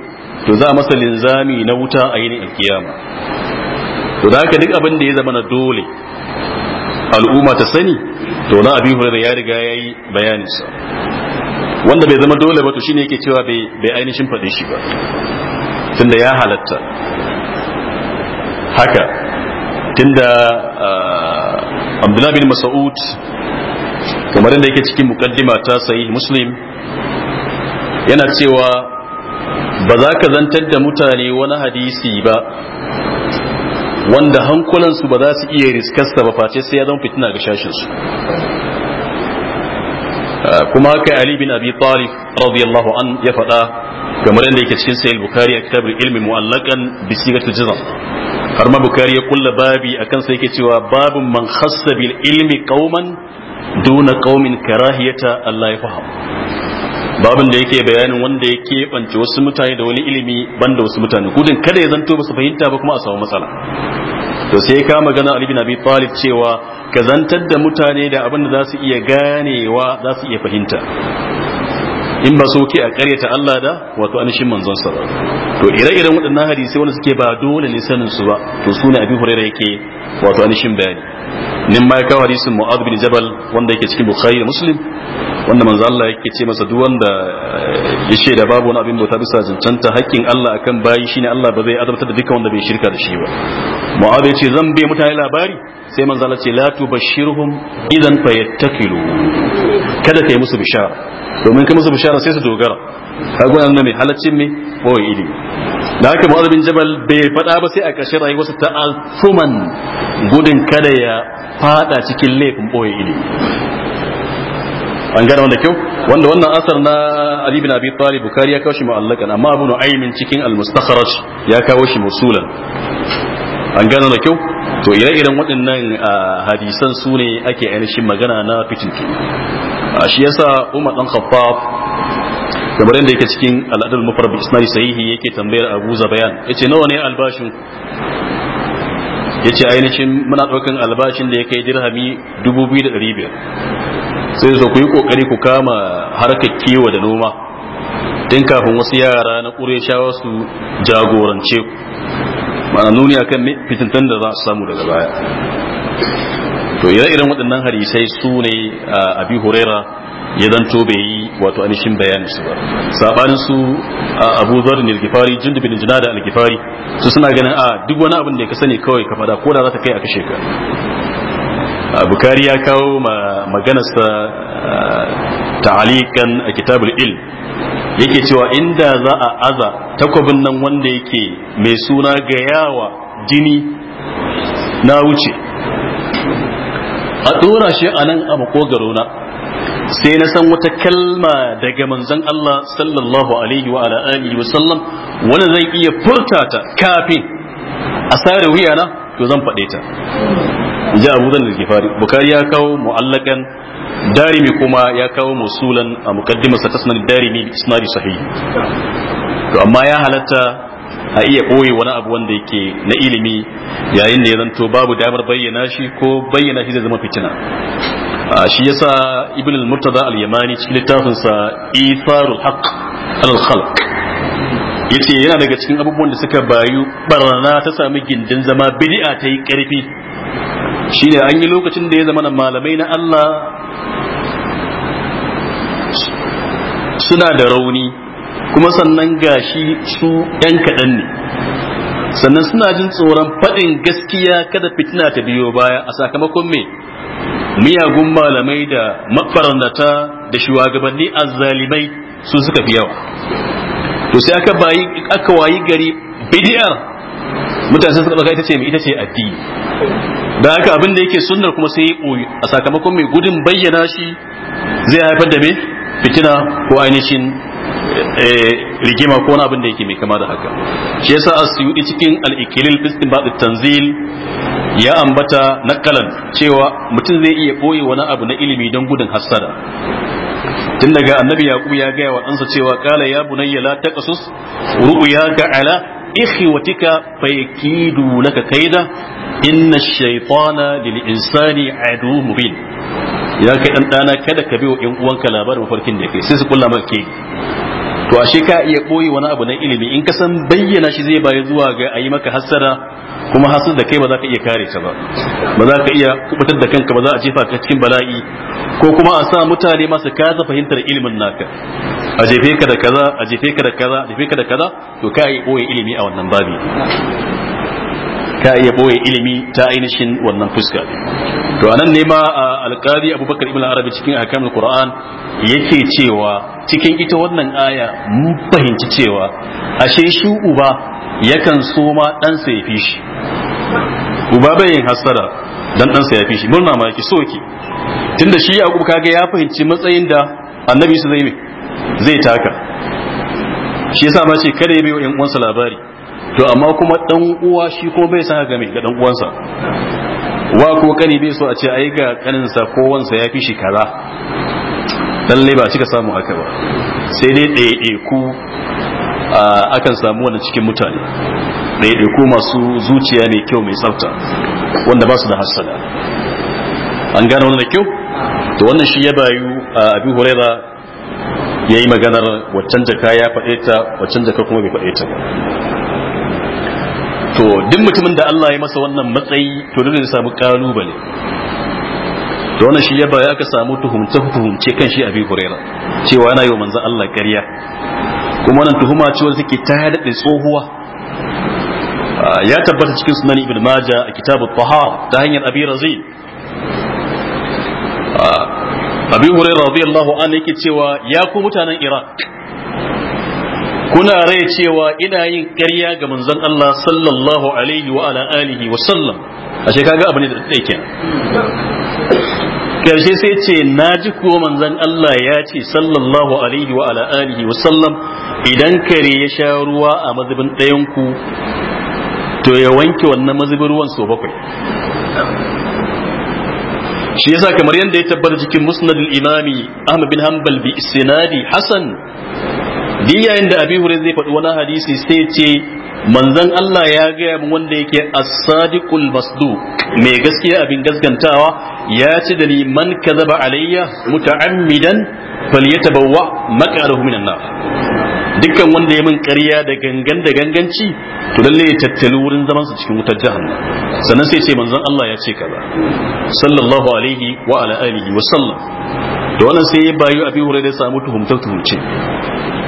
to za masa linzami na wuta a yini alkiyama to da haka duk abin da ya zama na dole al'umma ta sani to na abin hulun ya riga ya yi bayaninsa wanda bai zama dole ba to shine yake cewa bai ainihin faɗi shi ba tunda ya halatta haka tunda ah, abdullahi bin mas'ud kamar da yake cikin mukaddima ta sahih muslim yana cewa ba za ka zantar da mutane wani hadisi ba wanda hankulansu ba za su iya riskarsa ba face sai ya zama fitina ga shashinsu ah, kuma haka Ali bin Abi Talib radiyallahu an ya faɗa kamar yadda yake cikin sahih Bukhari a kitabul ilmi mu'allakan bi sigati jizam har ma Bukhari ya kulla babi akan sai yake cewa babun man khassa bil ilmi qauman duna qaumin karahiyata Allah ya faham babin da yake bayanin wanda ya keɓance wasu mutane da wani ilimi banda wasu mutane gudun kada ya zanto ba su fahimta ba kuma a samu matsala to sai ka magana Ali bin Abi Talib cewa ka zantar da mutane da abin da za su iya ganewa za su iya fahimta in ba so ke a karyata Allah da wato anishin manzon sa ba to ire-iren waɗannan hadisi wanda suke ba dole ne sanin su ba to sune Abi Hurairah yake wato anishin bayani nin ma kawo hadisin Mu'adh bin Jabal wanda yake cikin Bukhari da Muslim wanda manzo Allah yake ce masa duk wanda eh, ya ce shaida babu wani abin bauta bisa zancanta hakkin Allah akan bayi shine Allah ba zai azabtar da duka wanda bai shirka da shi ba mu'adh ya ce zan bai mutane labari sai manzo Allah ce la tubashshirhum idan fa yattakilu kada kai musu bishara domin kai musu bishara sai su dogara kaga wannan ne halaccin me boye idi. da haka mu'adh bin jabal bai fada ba sai a ƙarshen rayuwarsa ta alfuman gudun kada ya fada cikin laifin boye ilimi an gane wanda kyau wanda wannan asar na Ali bin Abi Talib Bukhari ya kawo shi mu'allakan amma Abu Nu'aymin cikin al-Mustakhraj ya kawo shi musulan an gane wanda kyau to ire-iren waɗannan ah, hadisan su ne ake ainihin magana na fitinki ah, shi yasa Umar dan Khattab kamar yadda yake cikin al-Adl mufrad bi sahihi yake tambayar Abu Zabayan yace nawa ne albashin yace ainihin muna daukan albashin da ya kai dirhami 2500 sai su ku yi kokari ku kama harkar kiwo da noma tun kafin wasu yara na ƙureshawa su jagorance ku mana nuni akan fitintan da za su samu daga baya to ire-iren waɗannan harisai su ne a abi huraira ya zanto bai yi wato anishin bayani su ba sabanin su a abu zuwa nilgifari jin dubin jina da alkifari su suna ganin a duk wani abin da ka sani kawai ka fada ko da za ta kai a kashe ka bukari ya kawo maganarsa eh, ta'alikan a kitabul ilm yake cewa inda za a aza takwabin nan wanda yake mai suna ga yawa jini na wuce a ɗora shi a nan a makogaro na sai na san wata kalma daga manzon Allah sallallahu alaihi wa ala alihi wa sallam wanda zai iya furta ta kafin a sare wuya na to zan faɗe ta ji abu zan da fari bukari ya kawo mu'allakan darimi kuma ya kawo musulan a muqaddimarsa ta sanar darimi isnadi sahih to amma ya halatta a iya koyi wani abu wanda yake na ilimi yayin da ya zanto babu damar bayyana shi ko bayyana shi zai zama fitina shi yasa ibn al-murtada al-yamani cikin littafinsa itharul haqq al-khalq Ya ce yana daga cikin abubuwan da suka bayu barna ta sami gindin zama bid'a ta yi karfi ne an yi lokacin da ya zama malamai na Allah suna da rauni kuma sannan gashi su yan kaɗan ne sannan suna jin tsoron faɗin gaskiya kada fitina ta biyo baya a sakamakon me miyagun malamai da mafarnata da shugabanni azzalimai su suka fi yawa to sai aka bayi aka wayi gari bidiyar mutane sun ɗauka ita ce mai ita ce addini da haka abin da yake sunnar kuma sai ya koyi a sakamakon mai gudun bayyana shi zai haifar da me fitina ko ainihin eh, rigima ko wani abin da yake mai kama da haka shi yasa asyudi cikin al-ikilil istinbat tanzil ya ambata nakalan cewa mutum zai iya boye wani abu na ilimi don gudun hassada tun daga annabi yaqub ya gaya wa ansa cewa kala ya bunayya la taqasus ka, ala ikhwatika fayakidu laka kaida inna ash-shaytana lil insani adu mubin ya kai dan dana kada ka wa in uwanka labarin mafarkin da kai sai su kulla maka ke to ashe ka iya ɓoye wani abu na ilimi in ka san bayyana shi zai bayar zuwa ga ayi maka hassara kuma hasud da kai ba za ka iya kare ta ba ba za ka iya kubutar da kanka ba za a jefa ka cikin bala'i ko kuma a sa mutane masu kaza fahimtar ilimin naka a jefe ka da kaza a jefe ka da kaza a jefe ka da kaza to kai boye ilimi a wannan babi ka iya boye ilimi ta ainihin wannan fuska to anan ne ma alqadi abubakar ibn arabi cikin ahkamul qur'an yake cewa cikin ita wannan aya mun fahimci cewa ashe shi uba yakan so ma dan sa yafi shi uba bai yin hasara dan dan sa yafi shi murna ma yake soki tunda shi yaqub kaga ya fahimci matsayin da annabi su zai zai taka shi yasa ma ce kada ya bai wa ƴan uwansa labari to amma kuma dan uwa shi ko bai san haka mai ga dan uwansa wa ko kani bai so a ce ai ga kaninsa ko wansa ya fi shi kaza lallai ba cika samu haka ba sai dai ku akan samu wannan cikin mutane ku masu zuciya mai kyau mai tsafta wanda ba su da hassada an gane wannan da kyau to wannan shi ya bayu a abi huraira ya yi maganar waccan jaka ya faɗe ta waccan jaka kuma bai faɗe ta ba to duk mutumin da Allah ya masa wannan matsayi to dole ya samu kalubale to wannan shi ya baya aka samu tuhumce tuhumce kan shi abi huraira cewa yana yi manzo Allah ƙarya kuma wannan tuhuma ce wanda take ta dade tsohuwa ya tabbata cikin sunan ibn majah a kitabu tahar ta hanyar abi razi abi radiyallahu anhu yake cewa ya ku mutanen iraq kuna rai cewa ina yin ƙarya ga manzon Allah sallallahu alaihi wa ala alihi wa sallam ashe kaga abu ne da dai kenan karshe sai ce na ji kuwa manzon Allah ya ce sallallahu alaihi wa ala alihi wa sallam idan kare ya sha ruwa a mazibin ɗayan to ya wanke wannan mazibin ruwan so bakwai shi yasa kamar yadda ya tabbata cikin musnad al-imami Ahmad bin Hanbal bi isnadi Hasan duk yayin da abi hurairah zai faɗi wani hadisi sai ce manzon Allah ya gaya min wanda yake as-sadiqul Masdu, mai gaskiya abin gaskantawa ya ce da ni man kazaba alayya muta'ammidan falyatabawwa maq'adahu minan nar dukkan wanda ya min ƙarya da gangan da ganganci to lalle ya tattali wurin zaman sa cikin wutar jahannam sannan sai ce manzon Allah ya ce kaza sallallahu alaihi wa ala alihi wa sallam to wannan sai ya bayu abi hurairah samu tuhumtar tuhumce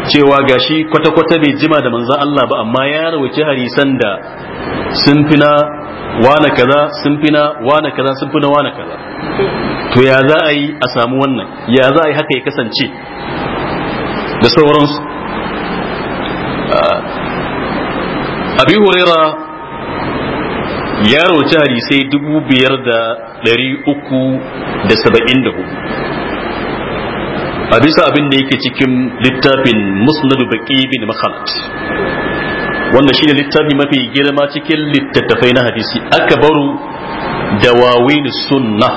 cewa gashi kwata-kwata bai jima da manzan Allah ba amma ya rawaci harisan da sun fi na wane kaza sun fi na wane kaza sun fi na wane kaza to ya za a yi a samu wannan ya za a yi haka ya kasance da sauransu ah, abi huraira ya rawaci harisai dubu biyar da ɗari uku da saba'in da hudu a bisa abin da yake cikin littafin musnadu baki bin makhalat wanda shi ne littafi mafi girma cikin littattafai na hadisi aka baro da wawin sunna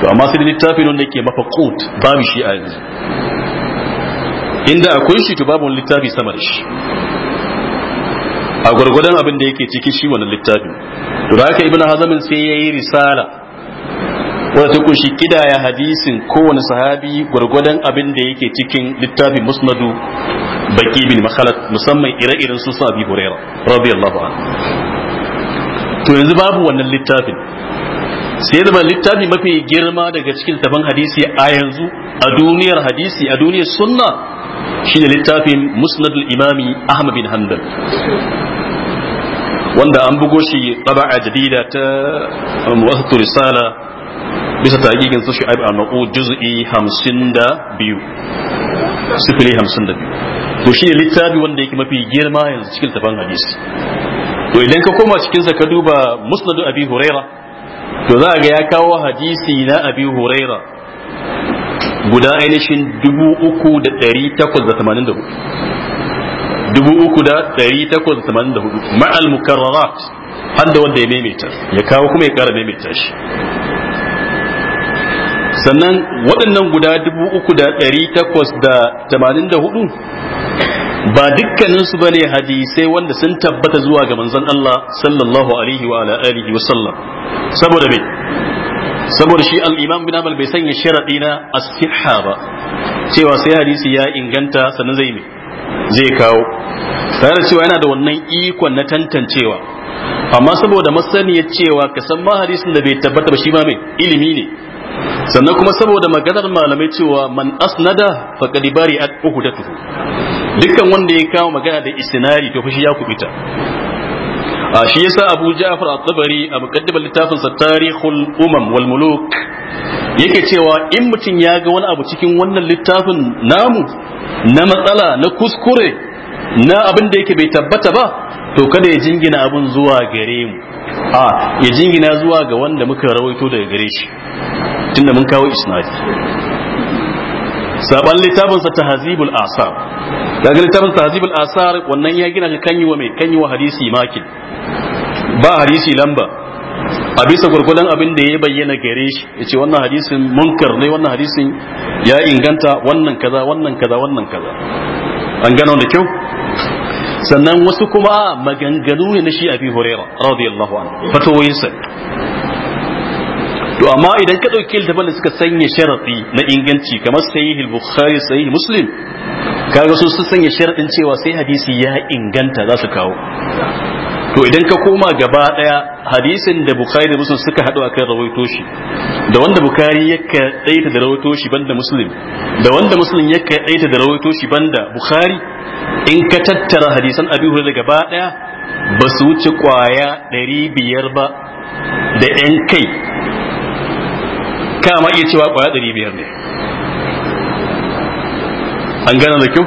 to amma sai littafin wanda yake mafaqut babu shi a yanzu inda akwai shi to babu wani littafi sama da shi a gwargwadon abin da yake ciki shi wannan littafin to da haka ibnu hazamin sai yayi risala wanda ta kunshi kidaya hadisin kowane sahabi gwargwadon abin da yake cikin littafin musnadu baki bin makhalat musamman ire-iren su sabi huraira radiyallahu anhu to yanzu babu wannan littafin sai zama littafi mafi girma daga cikin tafan hadisi a yanzu a duniyar hadisi a duniyar sunna shine littafin musnadul imami ahmad bin hanbal wanda an bugo shi ɗab'a a jadida ta muwassatu risala bisa tagigin su shu'aib a maqu juz'i 52 sifili 52 to ne littafi wanda yake mafi girma yanzu cikin tafan hadisi to idan ka koma cikin sa ka duba musnadu abi huraira to za ga ya kawo hadisi na abi huraira guda ainihin 3884 3884 ma'al mukarrarat hadda da wanda ya maimaita ya kawo kuma ya kara maimaita shi sannan waɗannan guda dubu uku da ɗari takwas da tamanin da hudu ba dukkaninsu ba ne hadisai wanda sun tabbata zuwa ga manzon Allah sallallahu alaihi wa alihi wa sallam saboda me saboda shi al-imam bin Amal bai sanya sharadi na as-sihha ba cewa sai hadisi ya inganta sannan zai me zai kawo tare da cewa yana da wannan ikon na tantancewa amma saboda masaniyar cewa ka san ma hadisin da bai tabbata ba shi ma mai ilimi ne sannan kuma saboda maganar malamai cewa man asnada fa bari at uhudatuhu dukkan wanda ya kawo magana da istinari to fushi ya kubita a shi yasa Abu Ja'far at-Tabari a muqaddimar littafin sa Tarikhul Umam wal Muluk yake cewa in mutum ya ga wani abu cikin wannan littafin namu na matsala na kuskure na abin da yake bai tabbata ba to kada ya jingina abin zuwa gare mu a ya jingina zuwa ga wanda muka rawaito daga gare shi tunda mun kawo isnadi saban littafin sa tahzibul asar daga littafin tahzibul asar wannan ya gina ga kanyi wa mai kanyi wa hadisi makin ba hadisi lamba a bisa gurgudan abin da ya bayyana gare shi ya ce wannan hadisin munkar ne wannan hadisin ya inganta wannan kaza wannan kaza wannan kaza an gano da kyau sannan wasu kuma maganganu ne na shi a fi huraira radiyallahu anhu fatoyin sa to amma idan ka dauki da da suka sanya sharafi na inganci kamar sahih al-bukhari sahih muslim kaga su sun sanya sharadin cewa sai hadisi ya inganta za su kawo to idan ka koma gaba daya hadisin da bukhari da muslim suka hadu akan rawaito shi da wanda bukhari ya kadaita da rawaito shi banda muslim da wanda muslim ya kadaita da rawaito shi banda bukhari in ka tattara hadisan abi hurairah gaba daya ba su wuce kwaya biyar ba da yan kai ka ma iya cewa kwaya biyar ne an gane da kyau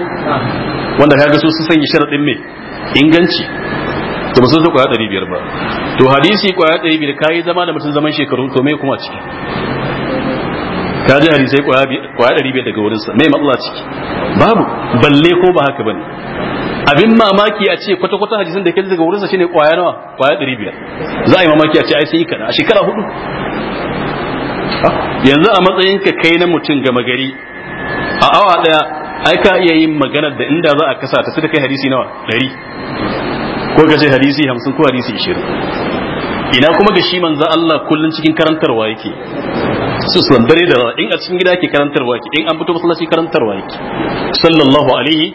wanda kaga su sun sanya sharaɗin me inganci to musu zo kwaya ɗari biyar ba to hadisi kwaya ɗari biyar kayi zama da mutum zaman shekaru to me kuma ciki ka ji hadisai kwaya ɗari biyar daga wurinsa me matsala ciki babu balle ko ba haka bane abin mamaki a ce kwata-kwata hadisin da ke daga wurinsa shine kwaya nawa kwaya ɗari biyar za a yi mamaki a ce ai sai kana a shekara hudu ah, yanzu a matsayinka kai na mutum gama gari a awa daya ai ka iya yin maganar da inda za a kasa ta sai kai hadisi nawa ɗari ko ka ce hadisi hamsin ko hadisi ishirin ina kuma ga shi manzo Allah kullun cikin karantarwa yake sussuwan dare da in a cikin gida yake karantarwa yake in an fito masallaci karantarwa yake sallallahu alaihi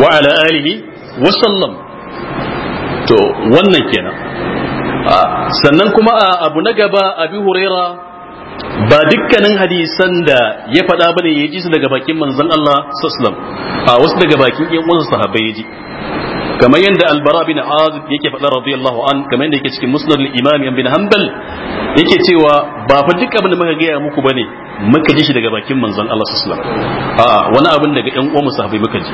wa ala alihi wa sallam to wannan kenan sannan kuma a abu na gaba abi huraira ba dukkanin hadisan da ya faɗa bane ya ji su daga bakin manzon Allah sallallahu a wasu daga bakin yan uwansa sahabbai ya ji kamar yadda albara bin azib yake faɗa radiyallahu an kamar yadda yake cikin musnad al-imam ibn hanbal yake cewa ba fa duk abin da muka gaya muku bane muka ji shi daga bakin manzon Allah sallallahu alaihi wasallam a wani abin daga ɗan uwan musahabi muka ji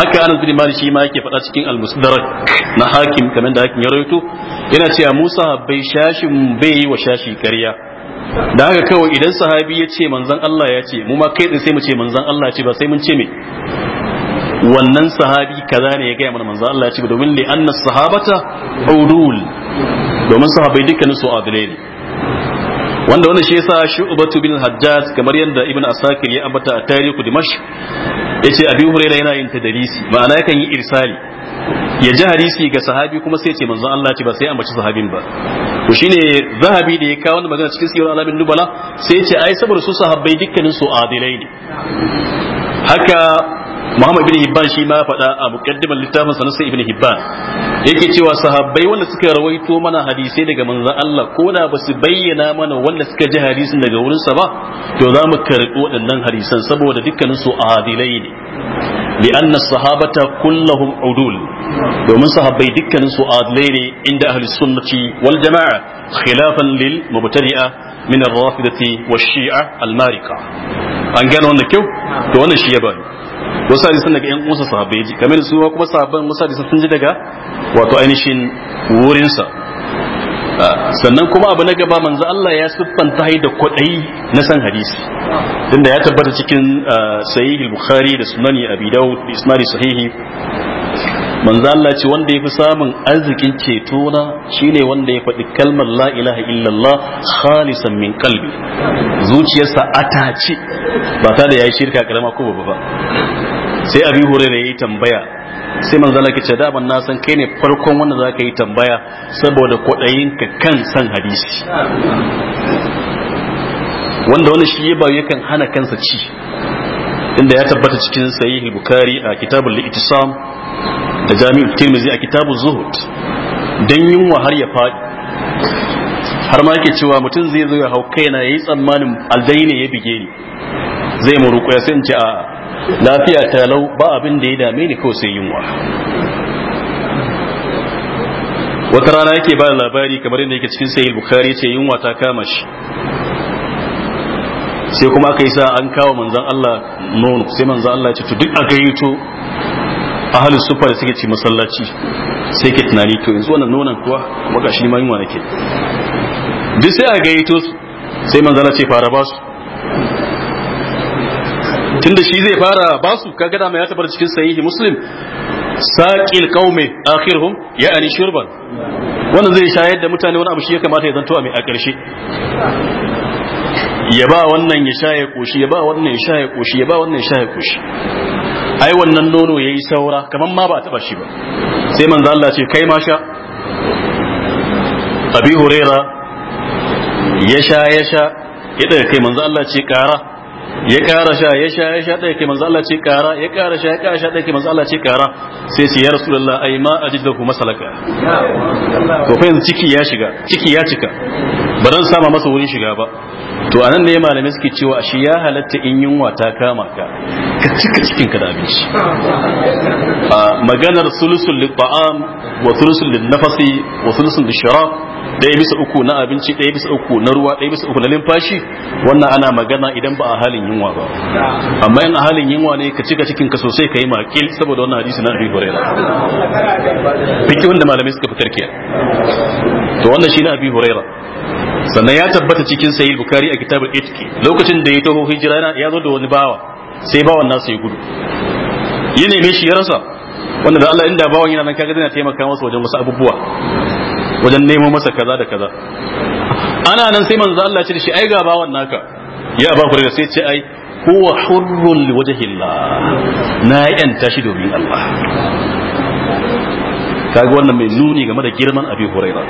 haka anas bin malik shi ma yake faɗa cikin al-musdarak na hakim kamar da hakim ya rawaito yana cewa musa bai shashin bai yi wa shashi ƙarya da haka kawai idan sahabi ya ce manzan Allah ya ce mu ma kai tsaye sai mu ce manzan Allah ya ce ba sai mun ce me wannan sahabi kaza ne ya gaya mana manzo Allah ya ce domin li anna sahabata udul domin sahabbai dukkanin su adilai ne wanda wannan shi yasa shu'batu bin hajjaj kamar yadda ibn asakir ya ambata a tarihu dimash yace abi hurairah yana yin tadrisi ma'ana yakan yi irsali ya ji hadisi ga sahabi kuma sai ce manzo Allah ce ba sai ambaci sahabin ba to shine zahabi da ya kawo wannan magana cikin sirrin alamin nubala sai ya ce ai saboda su sahabbai dukkanin su adilai ne haka Muhammad ibn Hibban shi ma faɗa a muqaddimar littafin sa Nasai ibn Hibban yake cewa sahabbai wanda suka rawaito mana hadisai daga manzon Allah ko da ba su bayyana mana wanda suka ji hadisin daga wurin sa ba to za mu karɓi waɗannan hadisan saboda dukkanin su adilai ne bi sahabata kullahum udul domin sahabbai dukkanin su adilai ne inda ahli sunnati wal jama'a khilafan lil mubtadi'a min ar-rafidati wash-shi'a al-marika an gano wannan kyau to wannan shi ya bani wasu sun daga yan uwansa sahabbai kamar su kuma sahabban sun ji daga wato ainihin wurinsa ah, sannan kuma abu na gaba manzo Allah ya siffanta hai da kwaɗayi na san hadisi tunda ya tabbata cikin ah, sahihi bukhari da sunani abi daud da isnadi sahihi manzo Allah ce wanda yafi samun arzikin ceto na shine wanda ya faɗi kalmar la ilaha illallah khalisan min qalbi zuciyarsa atace ba ta da yayi shirka karama ko babba ba sai abi ya yayi tambaya sai manzo Allah ce da ban na san kai ne farkon wanda zaka yi tambaya saboda kwadayin ka kan san hadisi wanda wani shi ba yakan hana kansa ci inda ya tabbata cikin sahih bukhari a kitabul itisam da jami'u tirmizi a kitabu zuhud dan yunwa har ya faɗi har ma yake cewa mutum zai zo ya hau kai ya yi tsammanin aljani ne ya bige ni zai mu ruku ya sanci a lafiya ta lau ba abin da ya dame ni kawai sai yunwa wata rana yake ba labari kamar yadda yake cikin sayi bukhari ce yunwa ta kama shi sai kuma aka yi sa an kawo manzan Allah nono sai manzan Allah ya ce to duk aka yi to Ahalin sufa da suke ci masallaci sai ke tunani to yanzu wannan nonon kuwa maka shi ma wani nake duk sai a gayyato sai manzala ce fara basu tunda shi zai fara basu kaga da mai ya tabar cikin sahihi muslim saqil qaumi akhiruhum ya'ani shurban wannan zai shayar da mutane wani abu shi ya kamata ya zanto a mai a ƙarshe ya ba wannan ya sha ya koshi ya ba wannan ya sha ya koshi ya ba wannan ya sha ya koshi ai wannan nono yayi saura kaman ma ba a taba shi ba sai manzo Allah ce kai ma sha Abi Huraira ya sha ya sha ya daga kai manzo Allah ce kara ya kara sha ya sha ya sha daga kai manzo Allah ce kara ya kara sha ya kara sha daga kai manzo Allah ce kara sai sai ya Rasulullah ai ma ajidahu masalaka to fa yanzu ciki ya shiga ciki ya cika ba dan sama masa wurin shiga ba to anan ne malamai suke cewa shi ya halatta in yunwa ta kama ka ka cika cikin ka da shi a maganar sulusul lit'am wa sulusul linnafasi wa sulusul lishrab ɗaya bisa uku na abinci ɗaya bisa uku na ruwa ɗaya bisa uku na limfashi wannan ana magana idan ba a halin yunwa ba amma in a halin yunwa ne ka cika cikin ka sosai ka yi makil saboda wannan hadisi na Abi Hurairah fiki wanda malamai suka fitar ke to wannan shi na Abi Hurairah sannan ya tabbata cikin sayi bukari a kitabul itki lokacin da ya taho hijira ya zo da wani bawa sai bawan nasu ya gudu ya ne shi ya rasa wanda da Allah inda bawan yana nan kaga zai taimaka masa wajen wasu abubuwa wajen nemo masa kaza da kaza ana nan sai manzo Allah ce da shi ai ga bawan naka ya ba ku da sai ce ai huwa hurrun wajhillah na yanta shi domin Allah kaga wannan mai nuni game da girman abi huraira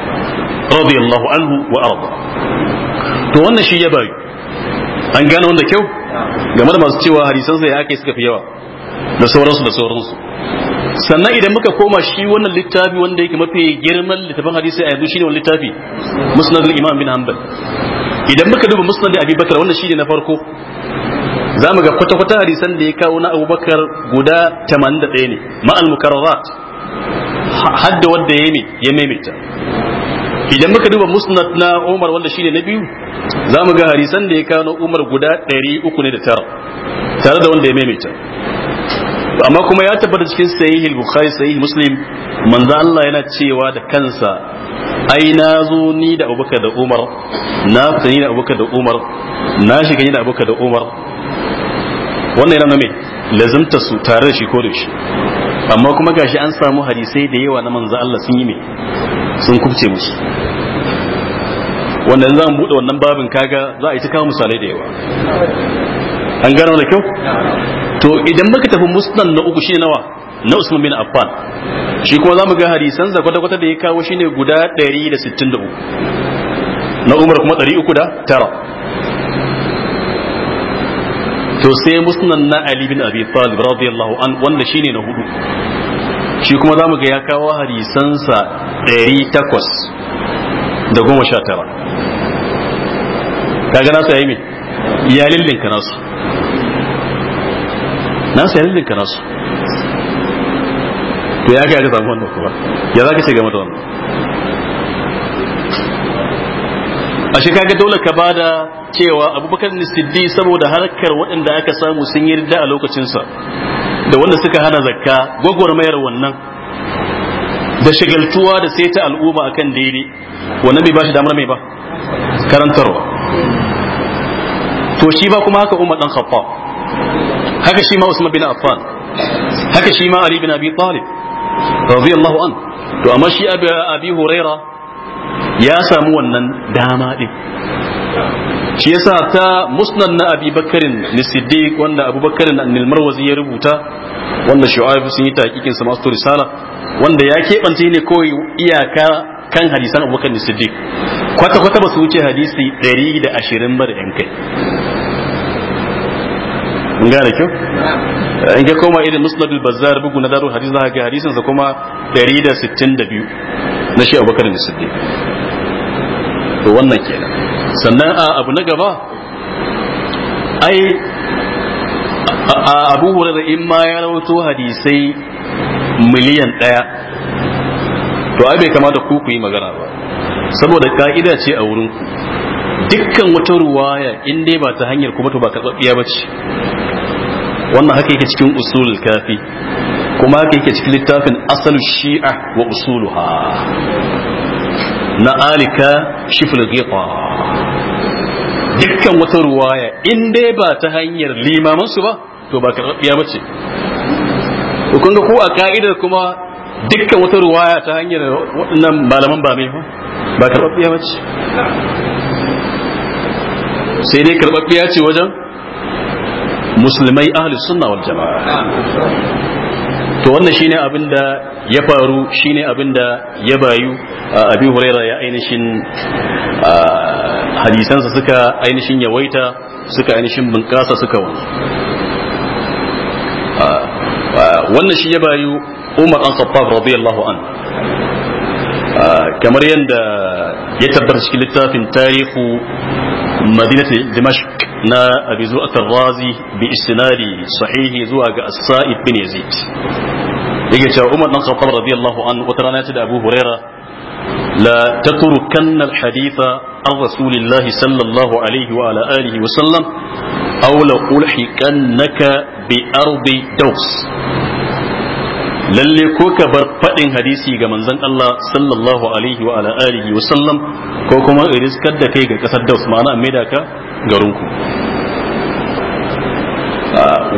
radiyallahu anhu wa arda to wannan shi ya bayu an gane wanda kyau game da masu cewa hadisan sai ake suka fi yawa da sauransu da sauransu sannan idan muka koma shi wannan littafi wanda yake mafi girman littafin hadisi a yanzu shine wannan littafi musnad al-imam bin hanbal idan muka duba musnad abi bakar wannan shine na farko Za mu ga kwata kwata hadisan da ya kawo na abubakar guda 81 ne ma'al mukarrarat hadda wanda ya yi ya maimaita idan muka duba musnad na umar wanda shine na biyu za mu ga harisan da ya kano umar guda uku ne da tara tare da wanda ya maimaita amma kuma ya tabbata cikin sahih bukhari sahih muslim manzo Allah yana cewa da kansa ai na zo ni da abubakar da umar na fita ni da abubakar da umar na shiga ni da abubakar da umar wannan yana nuna me lazimta su tare da shi ko da shi amma kuma gashi an samu hadisai da yawa na manzo Allah sun yi ne sun kubce musu wannan zan bude wannan babin kaga za a yi ta kawo misalai da yawa an gano da kyau to idan muka tafi musnad na uku shine nawa na Usman bin Affan shi kuma zamu ga hadisan zakwata kwata kwata da ya kawo shine guda 163 na Umar kuma 309 da tara to sai musnan na ali bin abi talib radiyallahu an wanda shine na hudu shi kuma zamu ga ya kawo hadisansa 800 da goma sha tara kaga nasu yayi me ya lillinka nasu nasu ya lillinka nasu to ya kai aka samu wannan kuma ya zaka ce game da wannan a shi ga dole ka bada cewa abubakar siddi saboda harkar waɗanda aka samu sun yi rida a lokacinsa da wanda suka hana zakka gwagwarmayar wannan da shagaltuwa da sai ta al'umma akan daidai wannan bai bashi damar mai ba karantarwa to shi ba kuma haka umar dan khattab haka shi ma usman bin affan haka shi ma ali bin abi talib radiyallahu an to amma shi abi huraira ya samu wannan dama ɗin shi yasa ta musnan na abi bakarin wanda abu bakarin nilmar wazi ya rubuta wanda shu'aibu sun yi taƙiƙin sa masu risala wanda ya keɓance ne kawai iyaka kan hadisan abubakar siddiq kwata kwata ba su wuce hadisi 120 ba da yan kai in gane kyau in ka koma irin musnad al-bazzar bugu na daru hadis za ga hadisin sa kuma 162 na shi abubakar ne siddiq to wannan kenan sannan a abu na gaba ai abu hurairah in ma ya rawato hadisai miliyan daya to ai bai kamata ku ku yi magana ba saboda ka'ida ce a wurin ku dukkan wata ruwaya in dai ba ta hanyar kuma to ba karɓaɓɓiya ba ce wannan haka yake cikin usulul kafi kuma haka yake cikin littafin asalu shi'a wa usuluha na alika shifil ghiqa dukkan wata ruwaya in dai ba ta hanyar limaman su ba to ba karɓaɓɓiya ba ce kun ga ko a ka'idar kuma dukkan wata ruwaya ta hanyar waɗannan malaman ba mai ba ba karɓaɓɓiya ba ce sai dai karɓaɓɓiya ce wajen musulmai ahli sunna wal jama'a to wannan shine abin da ya faru shine abin da ya bayu abi huraira ya ainihin hadisansa suka ainihin yawaita suka ainihin bunƙasa suka wani wannan shi ya bayu umar an khattab radiyallahu an kamar yadda ya tabbata cikin littafin tarihu مدينة دمشق نا أبي زوءة الرازي بإسناد صحيح زوءة السائب بن يزيد يجي تشاو أمر بن الخطاب رضي الله عنه وترانا أبو هريرة لا تتركن الحديث عن رسول الله صلى الله عليه وعلى آله وسلم أو لو لأولحكنك بأرض دوس lalle ko ka bar faɗin hadisi ga manzon Allah sallallahu alaihi wa ala alihi wa sallam ko kuma iriskar da kai ga kasar Daus ma'ana mai da ka garinku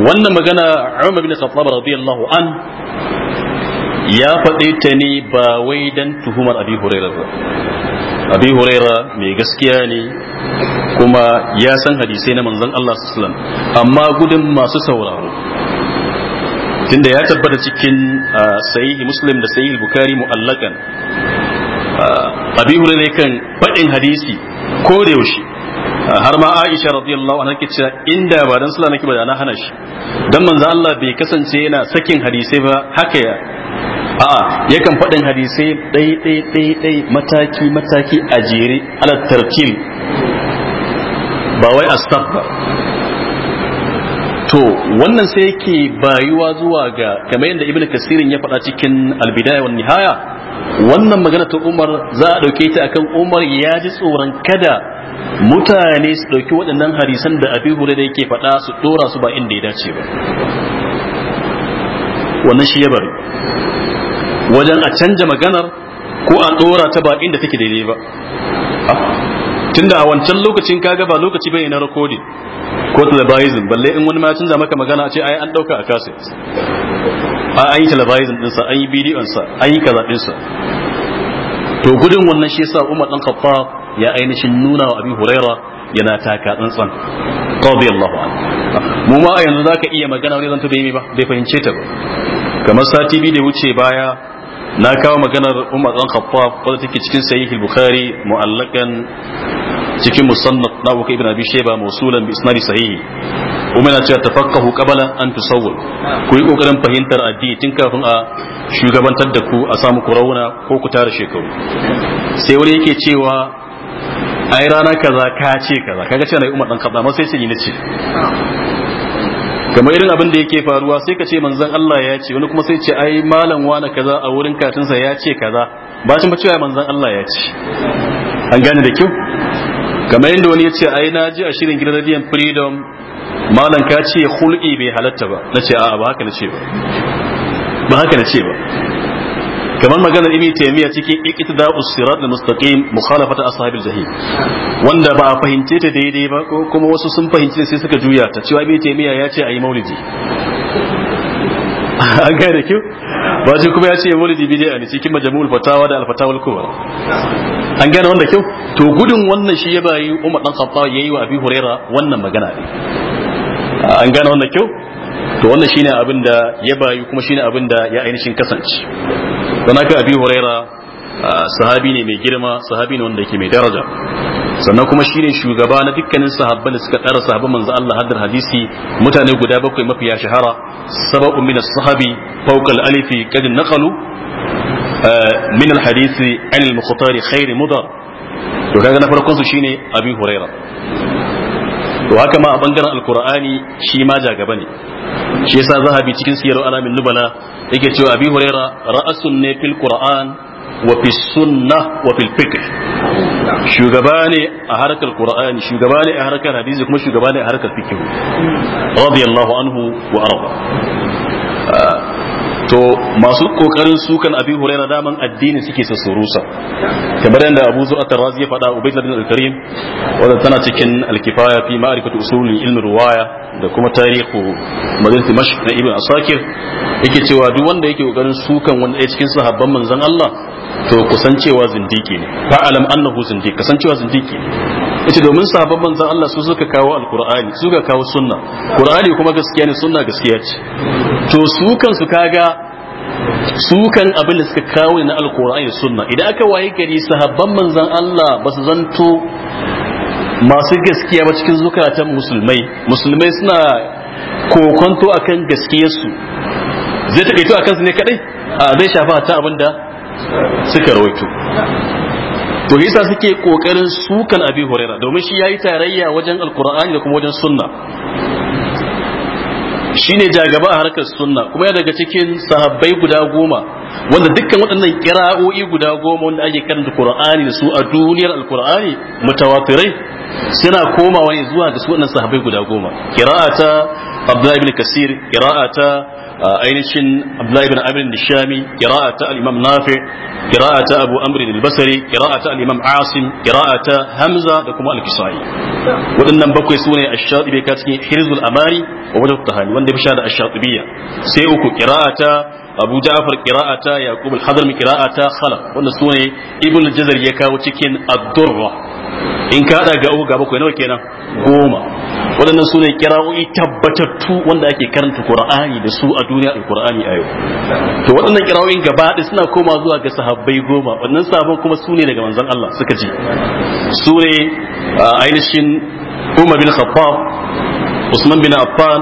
wannan magana Umar bin Khattab radiyallahu an ya faɗe ta ne ba wai dan tuhumar Abi Hurairah ba Abi Hurairah mai gaskiya ne kuma ya san hadisai na manzon Allah sallallahu alaihi wa sallam amma gudun masu sauraro tunda ya tabbata cikin ah, sahihi muslim da sahihi bukari mu'allakan ah, abi hurairah kan fadin hadisi ko da yaushe ah, har ma Aisha radiyallahu anha ke cewa inda ba dan sallah nake ba da na hana shi dan manzo Allah bai kasance yana sakin hadisi ba haka ya a, yakan faɗin hadisai dai dai dai dai mataki mataki a jere ala tartil ba wai astaghfar to wannan sai yake bayuwa zuwa ga kamar yadda ibnu kasirin ya faɗa cikin albidaya wani nihaya wannan magana ta umar za a ɗauke ta akan umar ya ji tsoron kada mutane su ɗauki waɗannan hadisan da abi hure da yake faɗa su ɗora su ba inda ya dace ba wannan shi ya bari wajen a canja maganar ko a ɗora ta ba inda take daidai ba tunda a wancan lokacin kaga ba lokaci bane na recording ko televising balle in wani ma ya canza maka magana a ce ai an dauka a cassette a an yi televising din sa an yi bidiyon sa an yi kaza din sa to gudun wannan shi yasa Umar dan Khattab ya ainihin nuna wa Abi Huraira yana taka tsantsan radiyallahu anhu mu ma a yanzu zaka iya magana wani zan bai ba bai fahimce ta ba kamar sati biyu da wuce baya na kawo maganar umar dan khattab wadda take cikin sahih al-bukhari mu'allakan cikin musannad na bukai ibn abi shayba mawsulan bi isnadi sahihi umar cewa tafaqahu qabla an tusawwal ku yi kokarin fahimtar addini tun kafin a shugabantar da ku a samu kurauna ko ku tara shekaru sai wani yake cewa ai rana kaza ka ce kaza kaga cewa na umar dan khattab sai sai ni ce kamar irin abin da yake faruwa sai ka ce manzon Allah ya ce wani kuma sai ce ai malam wani kaza a wurin katinsa ya ce kaza ba shi cewa manzon Allah ya ce an gane da kyau kamar yadda wani ya ce ai na ji a shirin gidan radiyon freedom malam ka ce hul'i bai halatta ba na ce a'a ba haka na ce ba kamar maganar ibn taymiya cikin iqtida'us siratal mustaqim mukhalafata ashabil jahim wanda ba a fahimce ta daidai ba ko kuma wasu sun fahimce sai suka juya ta cewa ibn taymiya ya ce ayi maulidi an gane kyau ba shi kuma ya ce maulidi bid'a ne cikin majmu'ul fatawa da al-fatawul kubra an gane wanda kyau to gudun wannan shi ya bayi Umar dan Khattab yayi wa Abi Huraira wannan magana ne an gane wanda kyau to wannan shine abin da ya bayu kuma shine abin da ya ainihin kasance don haka abi huraira sahabi ne mai girma sahabi ne wanda yake mai daraja sannan kuma shine shugaba na dukkanin sahabban da suka tsara sahabban manzo Allah haddar hadisi mutane guda bakwai mafiya shahara sababun min as-sahabi fawqa al-alifi qad naqalu min al-hadisi an al-mukhtari khair mudar to kaga na farkon su shine abi huraira to haka ma a bangaren alqur'ani shi ma jagaba ne shi yasa zahabi cikin siyar alamin nubala yake cewa abi huraira ra'asun ne fil qur'an wa fis wa fil fiqh shugaba ne a harkar qur'ani shugaba ne a harkar hadisi kuma shugaba ne a harkar fiqh radiyallahu anhu wa arda to masu kokarin sukan abi na daman addini suke su surusa kamar yadda abu zu'at razi ya faɗa ubayd bin al-karim wanda tana cikin al-kifaya fi ma'rifati usulul ilmi ruwaya da kuma tarihu madrasat dimashq na ibn asakir yake cewa duk wanda yake kokarin sukan wanda ya cikin sahabban manzon Allah to kusancewa zindiki ne alam annahu zindiki kasancewa zindiki ita domin sabon manzan Allah su suka kawo alqur'ani su suka kawo sunna qur'ani kuma gaskiya ne sunna gaskiya ce to su kansu kaga sukan abin da suka kawo na alqur'ani sunna idan aka waye gari sahabban manzan Allah ba su zanto masu gaskiya ba cikin zukatan musulmai musulmai suna kokonto akan gaskiyarsu zai taƙaito a kansu ne kadai a zai shafa ta abin da suka rawaito to yasa suke kokarin sukan abi huraira domin shi yayi tarayya wajen alqur'ani da kuma wajen sunna shine jagaba a harkar sunna kuma ya daga cikin sahabbai guda goma wanda dukkan waɗannan kira'o'i guda goma wanda ake karanta qur'ani da su a duniyar alqur'ani mutawatirai suna komawa ne zuwa ga su waɗannan sahabbai guda goma qira'ata abdullahi ibn kasir qira'ata ainihin Abdullahi ibn Amr al-Shami qira'a ta alimam Nafi qira'a ta Abu Amr al-Basri qira'a ta alimam imam Asim ta Hamza da kuma al-Kisai waɗannan bakwai sune ash-Shatibi ka cikin Hirzul Amari wa Wajh tahani wanda ya sha da ash-Shatibiyya sai uku qira'a ta abu ja'far qira'ata yaqub al-hadrami qira'ata khala wanda sune ibn al-jazar ya kawo cikin ad-durra in ka hada ga uku ga bakwai nawa kenan goma wadannan sune qira'o'i tabbatattu wanda ake karanta qur'ani da su a duniya al-qur'ani ayo. to wadannan qira'o'in gaba ɗaya suna koma zuwa ga sahabbai goma wannan sahabban kuma sune daga manzon Allah suka ji sune ainihin Umar bin Khattab Usman bin Affan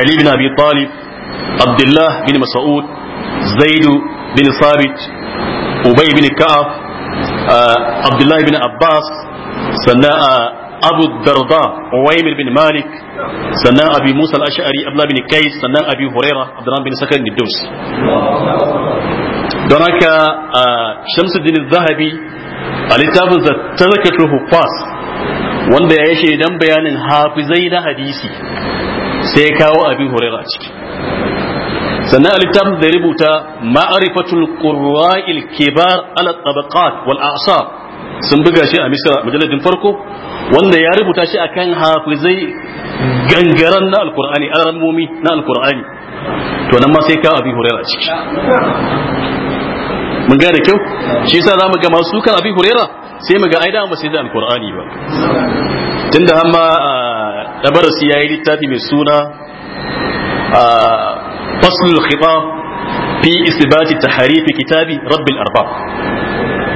Ali bin Abi Talib abdullah bin mas'ud zaidu bin sabit ubay bin ka'ab uh, abdullah bin abbas sannan uh, abu darda waimir bin malik sannan abi musa al-ash'ari abdullah bin kais sannan abi huraira abdurrahman bin sakar giddus don haka uh, shamsuddin zahabi a littafin sa tarakatu hufas wanda ya yi shaidan bayanin hafizai na hadisi sai ya kawo abi huraira ciki sannan a littafin da rubuta ma'arifatul qurra'il kibar ala tabaqat wal a'sab sun buga shi a misra mujalladin farko wanda ya rubuta shi akan hafizai gangaran na alqur'ani alamomi na alqur'ani to nan ma sai ka abi hurairah ciki mun ga da kyau shi yasa zamu ga masu kan abi hurairah sai mu ga ai da ba sai da alqur'ani ba tunda hamma dabarasi ah, yayi littafi mai suna ah, فصل الخطاب في إثبات تحريف كتاب رب الأرباب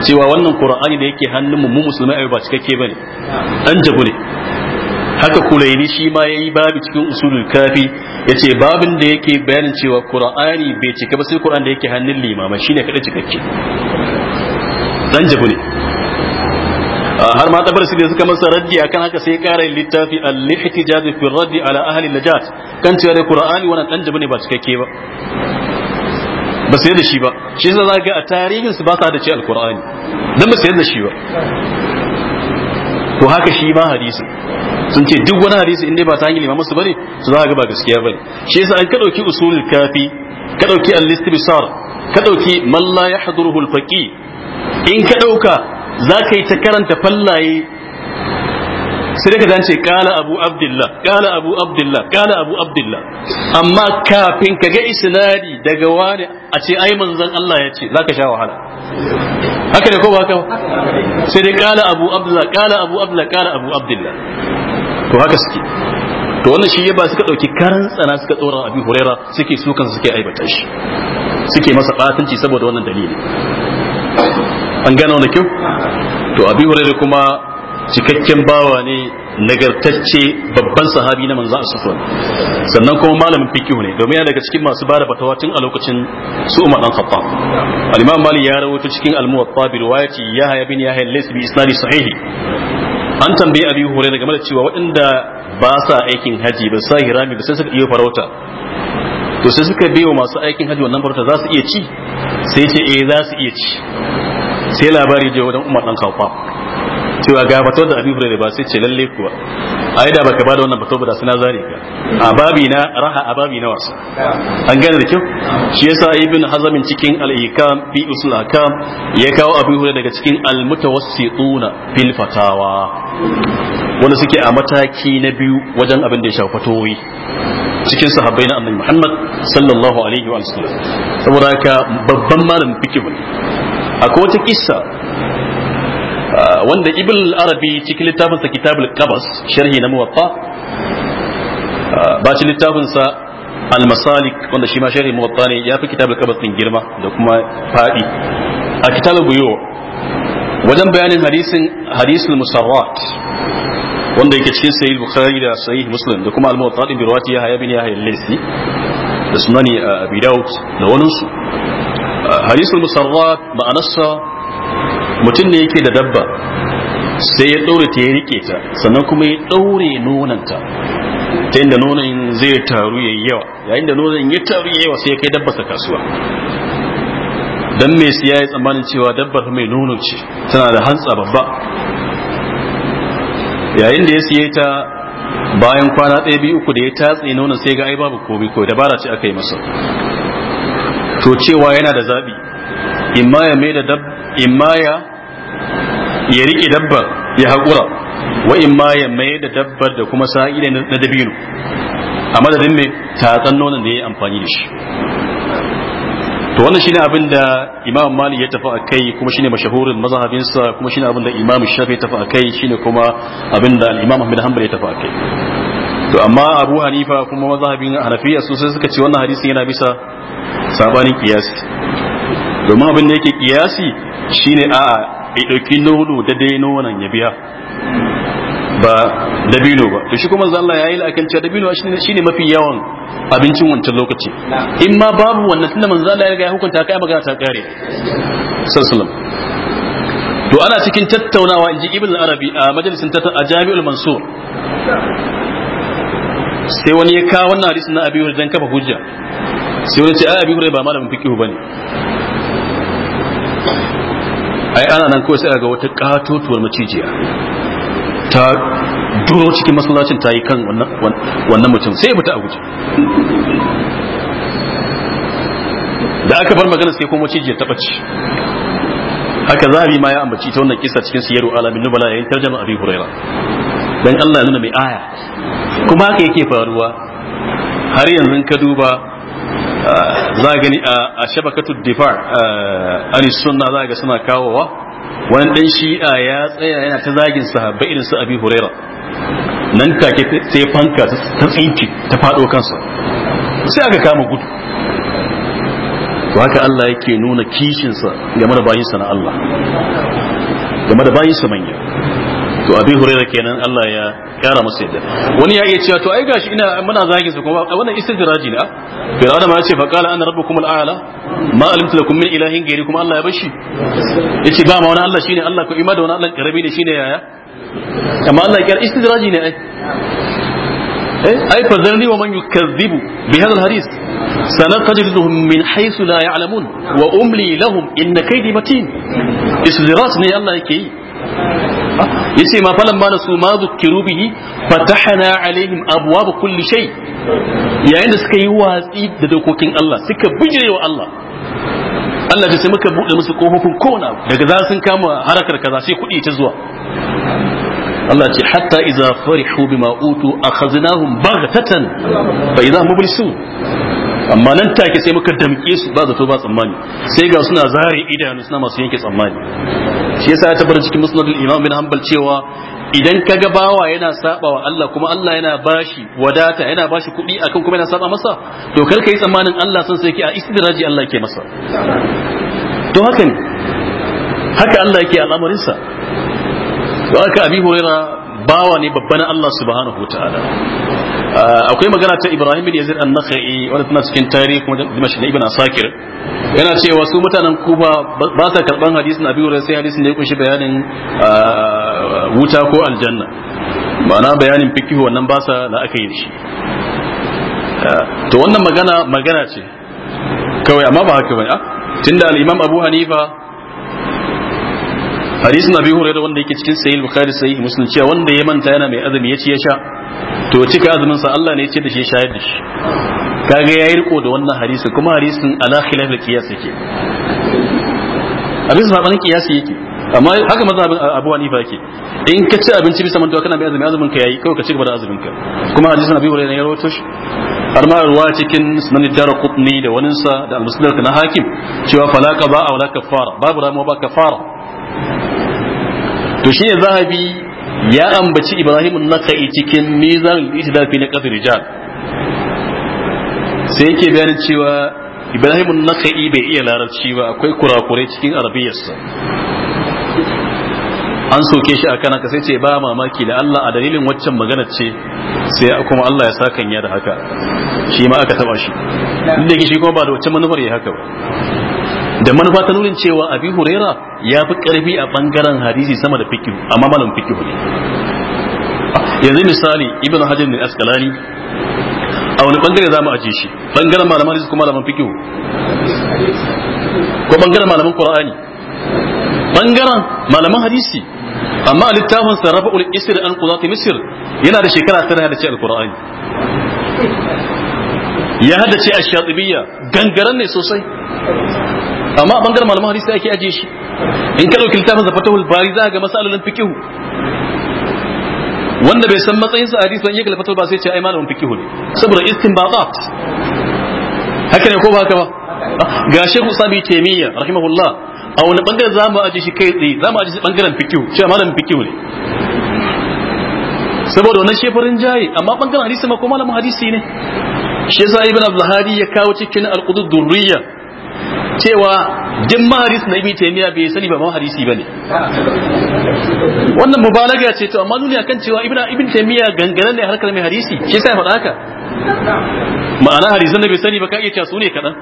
cewa wannan qur'ani da yake hannunmu mu musulmai ba cikakke bane an jabu ne haka kulaini shi ma ya yi babi cikin usulul kafi ya ce babin da yake bayanin cewa qur'ani bai cika ba sai qur'an da yake hannun limama shine kada cikakke dan jabu ne har ma tabar su suka masa raddi akan haka sai ya kara littafi al-ihtijaj fi raddi ala ahli najat kan cewa dai qur'ani wannan dan jabi ne ba cikakke ba ba sai da shi ba shi yasa zaka ga a tarihin su ba sa da ce alqur'ani dan ba sai da shi ba to haka shi ma hadisi sun ce duk wani hadisi in dai ba ta hanyar limamu su bane su za ga ba gaskiya bane shi yasa an ka dauki usulul kafi ka dauki al-istibsar ka dauki man la yahduruhu al-faqi in ka dauka za yi ta karanta fallaye sai dai ka zance kala abu abdullah kala abu abdullah kala abu abdullah amma kafin ka ga isnadi daga wani a ce ai manzon Allah ya ce zaka sha wahala haka ne ko ba haka sai dai kala abu abdullah kala abu abdullah kala abu abdullah to haka suke to wannan shi ya ba suka dauki karan tsana suka tsora abi huraira suke sukan suke aibata shi suke masa batunci saboda wannan dalili an gano ne kyau to abi huraira kuma cikakken bawa ne nagartacce babban sahabi na manzo asusun sannan kuma malamin fikihu ne domin yana daga cikin masu bada fatawa tun a lokacin su umar dan khattab al-imam mali ya rawaito cikin al-muwatta bi riwayati yahya bin yahya laysa bi isnadi sahihi an tambayi abi hurairah game da cewa waɗanda ba sa aikin haji ba sa hirami ba sai suka iya farauta to sai suka biyo masu aikin haji wannan farauta za su iya ci sai ce eh za su iya ci sai labari je wajen umar dan khattab cewa ga fato da Abi Hurairah ba sai ce lalle kuwa ai da baka bada wannan fato ba da suna zari ka a babi na raha a babi na wasa an gane da kyau shi yasa Ibn Hazm cikin al-Ikam fi usul akam ya kawo Abi Hurairah daga cikin al-mutawassituna fil fatawa wanda suke a mataki na biyu wajen abin da ya shafi fatoyi cikin sahabbai na annabi Muhammad sallallahu alaihi wa sallam saboda haka babban malamin fikihu akwai wata kissa wanda ibn arabi cikin littafinsa kitabul qabas sharhi na muwatta ba bacin littafinsa al-masalik wanda shi ma sharhi muwatta ne ya fi kitabul qabas din girma da kuma fadi a kitabul buyu wajen bayanin hadisin hadisul musarrat wanda yake cikin sahih bukhari da sahih muslim da kuma al-muwatta din bi rawati yahya bin yahya al-laysi da sunani abi daud da wani su hadisul musarrat ma'anarsa mutum ne yake da dabba sai ya ɗaure ta ya rike ta sannan kuma ya ɗaure nonanta ta inda nonan zai taru ya yi yawa yayin da nonan ya taru ya yawa sai ya kai dabba sa kasuwa don mai siya ya tsammanin cewa dabbar mai nono ce tana da hantsa babba yayin da ya siye ta bayan kwana ɗaya biyu uku da ya tatse nonan sai ga ai babu komai ko dabara ce aka yi masa to cewa yana da zaɓi imma ya mai da dab imma ya ya rike dabbar ya haƙura wa in ma ya mai da dabbar da kuma sa'ida na dabino a madadin mai tatsan nonon da ya amfani da shi to wannan shine abin da imam mali ya tafi akai kuma shine mashahurin mazhabinsa kuma shine abin da imam shafi ya tafi akai shine kuma abin da al-imam ahmad hanbal ya tafi akai to amma abu hanifa kuma mazhabin hanafiya su sai suka ce wannan hadisin yana bisa sabanin kiyasi domin abin da yake kiyasi shine a'a ɗauki nono da dai nonon ya biya ba dabino ba to shi kuma manzo Allah yayi la'akan cewa dabino shine mafi yawan abincin wancan lokaci in ma babu wannan tunda manzo Allah ya riga ya hukunta kai magana ta kare sallallahu to ana cikin tattaunawa inji ibn al-arabi a majalisin ta a jami'ul mansur sai wani ya kawo wannan hadisi na abi hurairah dan kafa hujja sai wani ce a abi hurairah ba malamin fiqh bane ai ana nan kawai sai ga wata katotuwar macijiya ta duro cikin masallacin ta yi kan wannan mutum sai ya fita a guje da aka bar magana sai kuma cijiyar ta bace haka zahabi ma ya ambaci ta wannan kisa cikin siyaru alamin nubala yayin tarjama abi huraira dan Allah ya nuna mai aya kuma haka yake faruwa har yanzu ka duba za a gani a shabakatu difar a sunna za a ga suna kawowa wani ɗan shi'a ya tsaya yana ta zagin sahabbai irin su abi huraira nan take yi fanka ta tsinki ta faɗo kansa sai aka kama gudu to haka Allah yake nuna kishinsa game da bayinsa na Allah game da bayinsa manya to abi hurairah kenan Allah ya kara masa yadda wani ya iya cewa to ai gashi ina muna zagi su kuma wannan istidraji ne ah. fir'auna ma ya ce fa qala ana rabbukum al'ala ma alimtu lakum min ilahin ghairi kuma Allah ya bashi yace ba ma wani Allah shine Allah ko imada wani Allah karabi ne shine yaya amma Allah ya kira istidraji ne ai eh, ai fazarni wa man yukazzibu bi hadha alhadith sanaqdiruhum min haythu la ya'lamun wa umli lahum inna kaydi matin istidraj ne Allah yake yi yace ma falan bana su ma zukkiru bihi fatahna alaihim abwaab kulli shay yayin da suka yi watsi da dokokin Allah suka bijirewa Allah Allah ya sai muka bude musu kofofin kowane daga za sun kama harakar kaza sai kuɗi ta zuwa Allah ce hatta iza farihu bima utu akhadnahum baghtatan fa idha mublisun amma nan take sai muka damƙe su ba zato ba tsammani sai ga suna zare idanu suna masu yanke tsammani shi yasa ya tabbata cikin musnad al-imam bin hanbal cewa idan kaga bawa yana saba wa Allah kuma Allah yana bashi wadata yana bashi kuɗi akan kuma yana saba masa to kar ka yi tsammanin Allah san sai ke a istidraji Allah ke masa to haka ne haka Allah yake al'amarinsa to haka abi hurairah bawa ne babba na Allah subhanahu ta'ala ah, akwai magana ta Ibrahim bin Yazid an-Nakhai wanda tana cikin tarihi kuma Dimash na Ibn Asakir yana cewa su mutanen Kuba ba sa karban hadisin Abi Hurairah sai hadisin da ya kunshi bayanin ah, wuta ko aljanna ma'ana bayanin fikihu wannan ba sa da aka da shi ah, to wannan magana magana ce kawai amma ba haka bane tunda al-Imam Abu Hanifa hadisin abi hurairah wanda yake cikin sahih bukhari sayi muslim cewa wanda ya manta yana mai azumi ya ci ya sha to cika azumin sa Allah ne ya ce da shi ya shayar da shi kaga yayi riko da wannan hadisi kuma hadisin ala khilaf al-qiyas yake abin sabanin qiyas yake amma haka mazhabin Abu Hanifa yake in ka ci abinci bisa mantuwa kana mai azumi azumin ka yayi kawai ka ci gaba da azumin ka kuma hadisin abi hurairah ya rawaito shi har ma ruwa cikin sunan Darqutni da waninsa da al-Musnad na Hakim cewa falaka ba a wala kafara babu ramuwa ba kafara to shi ne zahabi ya ambaci ibrahim naka'i cikin nizan al-ijtihad na naqd rijal sai yake bayanin cewa ibrahim naka'i bai iya larabci ba akwai kurakurai cikin arabiyarsa an soke shi a haka sai ce ba mamaki da Allah a dalilin waccan magana ce sai kuma Allah ya sa kan ya da haka shi ma aka taba shi inda shi kuma ba da waccan manufar ya haka ba da manufa ta nunin cewa abi huraira ya fi karfi a bangaren hadisi sama da fikihu amma malam fikihu ne yanzu misali ibn hajar ne askalani a wani bangare za mu aje shi bangaren malaman hadisi ko malaman fikihu ko bangaren malaman qur'ani bangaren malaman hadisi amma littafin sarrafa ul isr an qudati misr yana da shekara tana da ce alqur'ani ya hada ce ash-shatibiyya gangaran ne sosai amma a bangaren malaman hadisi ake aje shi in ka dauki littafin zafatul bari za ga masalolin fiqh wanda bai san matsayin sa hadisi ban yake lafatul ba sai ce ai malamin fiqh ne saboda istinbatat haka ne ko ba haka ba ga shehu sabi taimiyya rahimahullah a wani bangaren za mu aje shi kai tsaye za mu aje shi bangaren fiqh cewa malamin fiqh ne saboda wannan shefarin jaye amma bangaren hadisi ma ko malamin hadisi ne shi yasa ibn abdul hadi ya kawo cikin al-qudud durriyya cewa jin maharis na ibn taymiya bai sani ba maharisi bane wannan mubalaga ce to amma nuni akan cewa ibn ibn taymiya gangaren ne harkar mai harisi shi sai faɗa haka ma'ana harisan da bai sani ba ka iya cewa su ne kaɗan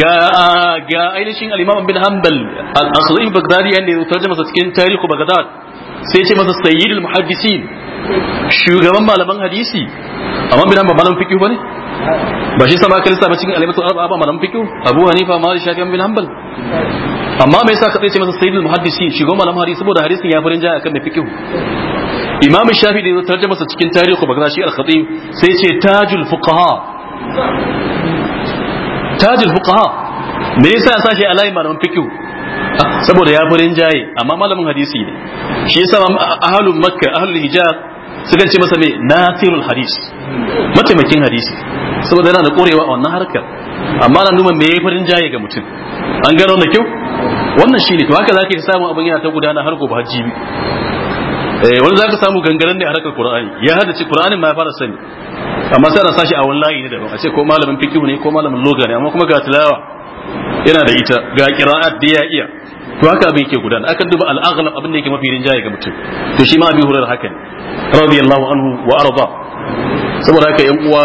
ga ga ainihin al-imam bin hanbal al-asri bagdadi yanda ya tarjuma cikin tarihu bagdad sai ce masa sayyidul muhaddisin shugaban malaman hadisi amma bin hanbal malamin fiqh bane ba shi sama kalista ba cikin alimatu arba'a ba malamin fiqh Abu Hanifa Malik Shafi bin Hanbal amma me yasa ka ce masa sayyidul muhaddisin shugaban malaman hadisi saboda hadisin ya furin jaya akan mai fiqh Imam Shafi da ya tarjama masa cikin tarihi ba shi al-Khatib sai ce tajul fuqaha tajul fuqaha me yasa ya sashi alai malaman fiqh saboda ya furin jaye amma malamin hadisi ne shi yasa ahlul makka ahlul hijaz suka ce masa mai nasirul hadis mataimakin hadisi saboda yana da korewa a wannan harkar amma na numan me farin jaye ga mutum an gano da kyau wannan shi ne to haka zaka samu abin yana ta gudana har gobe hajji eh wani zaka samu gangaren ne a harkar qur'ani ya hadace qur'ani ma ya fara sani amma sai ana sashi a wani layi ne daban a ce ko malamin fiqh ne ko malamin lugha ne amma kuma ga tilawa yana da ita ga qira'at da ya iya to haka abin yake gudana akan duba al-aghlab abin da yake mafi rinjaye ga mutum to shi ma abi hurairah haka ne radiyallahu anhu wa arda saboda haka yan uwa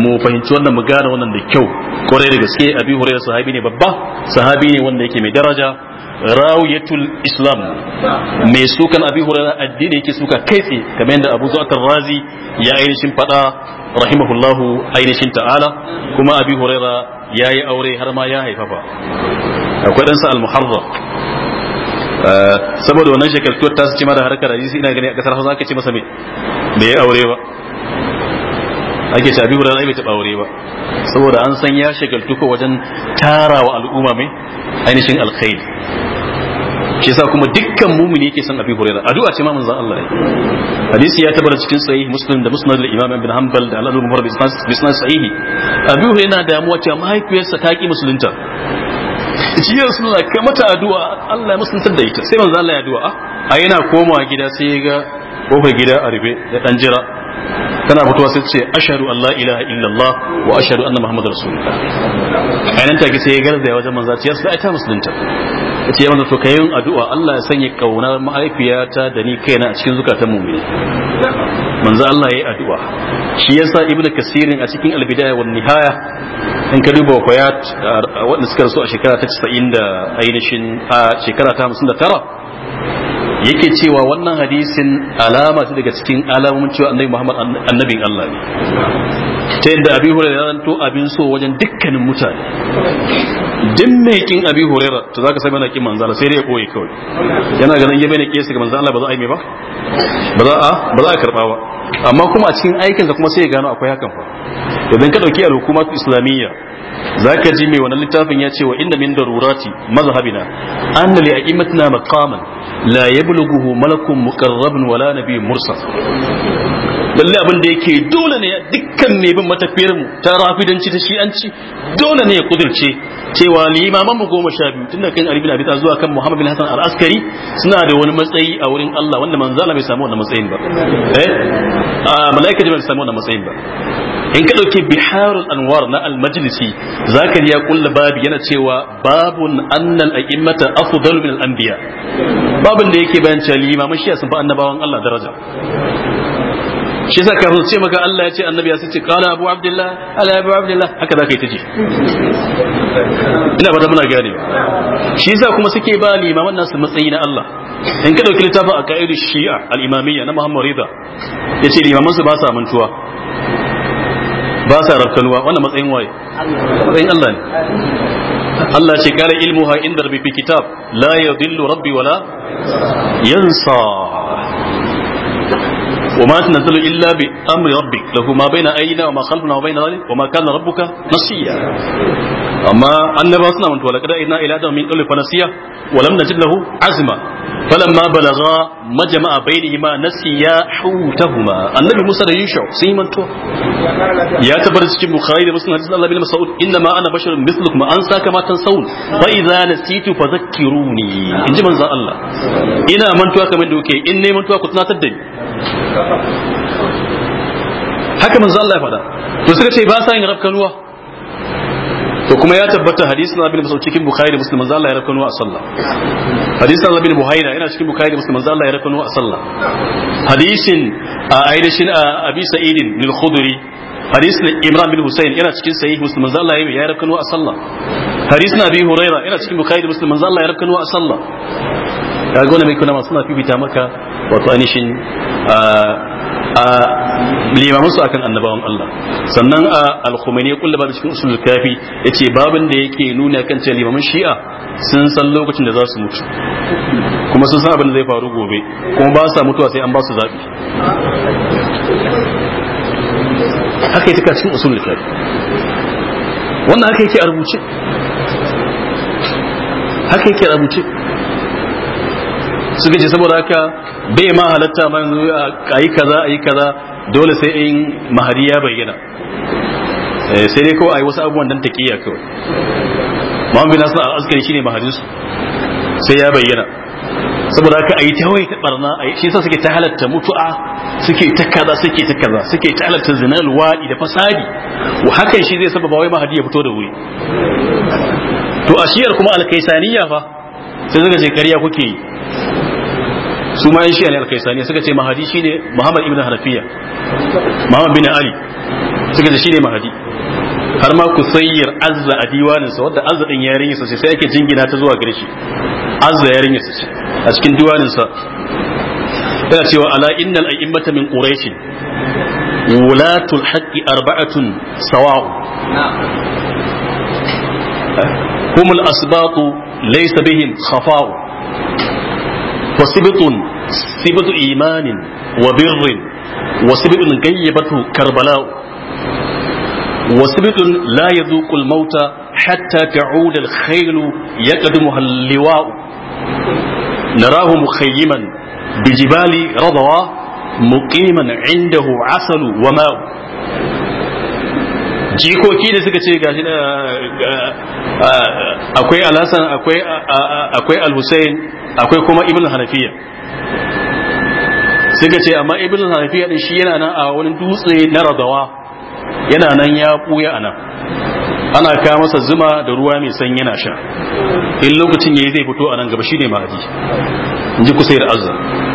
mu fahimci wannan mu gane wannan da kyau kwarai da gaske abi hurairah sahabi ne babba sahabi ne wanda yake mai daraja rawiyatul islam mai sukan abi hurairah addini yake suka kai tsaye kamar yadda abu zu'atar razi ya ainihin faɗa rahimahullahu ainihin ta'ala kuma abi hurairah ya yi aure har ma ya haifa ba akwai ɗansa al-muharram eh, saboda wannan shekarkuwar ta su ci mara harkar hadisi ina gani a kasar hausa aka ce masa me da ya aure ba ake shabi hular bai taɓa aure ba saboda an san ya shekartu ko wajen tara wa al'umma mai ainihin alkhairi shi yasa kuma dukkan mumuni yake son abi hurairah addu'a ce ma manzon Allah hadisi ya tabbata cikin sahih muslim da musnad al-imam ibn hanbal da al-adab mubar bisnan sahihi abi hurairah damuwa cewa mahaifiyarsa ta ki musulunta shi ya suna kai mata addu'a Allah ya musulunta da ita sai manzon Allah ya addu'a a ah, yana komawa gida sai ya ga kofar gida a rufe da dan jira tana fitowa sai ce ashhadu an la ilaha illallah wa ashhadu anna muhammadar rasulullah ainihin take sai ya garzaya wajen manzo ce yasa ta musulunta ce manzo to kayin addu'a Allah ya sanya kauna ma'aifiyata da ni kaina a cikin zukatan mu'mini manzo Allah yayi addu'a shi yasa ibnu kasirin a cikin al-bidaya wan nihaya in ka duba ko ya waɗanda suka rasu a shekara ta 90 da ainihin a shekara ta 59 yake cewa wannan hadisin alama ce daga cikin alamomin cewa annabi Muhammad annabin Allah ne ta yadda abi hurairah ya zanto abin so wajen dukkanin mutane duk mai kin abi hurairah to zaka sai mana kin manzala sai dai ya koyi kawai yana ganin yabe ne kiyasa ga manzala ba za a yi mai ba ba za a ba za a karba ba amma kuma a cikin aikinsa kuma sai ya gano akwai hakan fa idan ka dauki al-hukumat islamiyya zaka ji mai wannan littafin ya ce wa inna min darurati mazhabina anna li aqimatina maqaman la yab يبلغه ملك مقرب ولا نبي مرسل lalle abin da yake dole ne dukkan ne bin matafiyar mu ta rafidanci ta shi'anci dole ne ya kudirce cewa limaman mu goma sha biyu tunda kan Ali bin Abi zuwa kan Muhammad bin Hassan al-Askari suna da wani matsayi a wurin Allah wanda manzo Allah bai samu wannan matsayin ba eh malaika bai samu wannan matsayin ba in ka dauke biharul anwar na al-majlisi zakari ya kulla Babu yana cewa babun annal a'immata afdal min al-anbiya babun da yake bayan cewa limaman shi sun fa annabawan Allah daraja shi sa kafin ce maka Allah ya ce annabi ya sace qala abu abdullah ala abu abdullah haka zaka yi ta ji ina fata muna gane shi sa kuma suke ba limaman nasu matsayi na Allah in ka dauki littafin a ka'idu shi'a al-imamiyya na Muhammad Rida ce limaman su ba sa mantuwa ba sa rakkanuwa wannan matsayin waye matsayin Allah ne Allah ce kare ilmuha inda rabbi fi kitab la yadillu rabbi wala yansa وما تنزل إلا بأمر ربك له ما بين أيدينا وما خلفنا وبين ذلك وما كان ربك نسيا أما أن رأسنا من ولقد أئنا إلى آدم من قبل فنسيا ولم نجد له عزما فلما بلغا ما بينهما نسيا حوتهما النبي موسى da Yusha sun yi mantuwa ya tabbata cikin Bukhari da Muslim hadisin Allah bin Mas'ud innama ana bashar mithlukum an saka matan saun fa idza nasitu fadhakkiruni inji manzo Allah ina manta kamar da kuke in ne mantuwa ku tunatar da ni haka manzo Allah ya faɗa to suka ce ba sa yin rafkanuwa to kuma ya tabbata hadisin abin masau cikin bukhari da muslim manzo Allah ya rafkanuwa a sallah hadisin abin buhaira yana cikin bukhari da muslim manzo Allah ya rafkanuwa a sallah hadisin a aidashin abi sa'idin lil khudri hadisin imran bin husayn yana cikin sahih muslim manzo Allah ya rafkanuwa a sallah hadisin abi huraira yana cikin bukhari da muslim manzo Allah ya rafkanuwa a sallah ka ga mai kuna suna fifita maka wato anishin a limamin su akan annabawan Allah sannan a al-Khumaini ya kulla babu cikin usul kafi ce babin da yake nuna kan cewa limamin Shi'a sun san lokacin da za su mutu kuma sun san abin da zai faru gobe kuma ba sa mutuwa sai an ba su zaɓi. haka yake cikin usul kafi wannan haka yake a rubuce haka yake a rubuce suka ce saboda haka bai ma halatta man a yi kaza a yi kaza dole sai in mahari ya bayyana eh, sai dai kawai a yi wasu abubuwan dan taƙiyya kawai ma'amu bin asala shi shine maharinsu sai ya bayyana saboda haka a yi ta ta barna a shi suke ta halatta mutu'a suke ta kaza suke ta kaza suke ta halatta zinar luwaɗi da fasadi wa hakan shi zai sababa wai mahadi ya fito da wuri to a shiyar kuma alkaisaniya fa sai suka ce ƙarya kuke yi su ma yan shi'a ne al suka ce mahadi shine muhammad ibn Harafiya muhammad bin ali suka ce shine mahadi har ma ku sayyar azza a diwanin wadda wanda azza din yarin sa sai ake jingina ta zuwa gare shi azza yarin sa ce a cikin diwanin yana cewa ala innal a'immata min quraish wulatul haqqi arba'atun sawa'u هم الأسباط ليس بهم خفاء فسبط سبط إيمان وبر وسبط غيبته كربلاء وسبط لا يذوق الموت حتى تعود الخيل يقدمها اللواء نراه مخيما بجبال رضوى مقيما عنده عسل وماء jikoki da suka ce gashi na akwai alhassan akwai alhussein akwai kuma ibn hanafiya suka ce amma ibn hanafiya din shi yana nan a wani dutse na ragawa yana nan ya buya a nan ana kawo masa zuma da ruwa mai sanyi yana sha in lokacin yayi zai fito a nan gaba shine mahadi in ji kusa da azza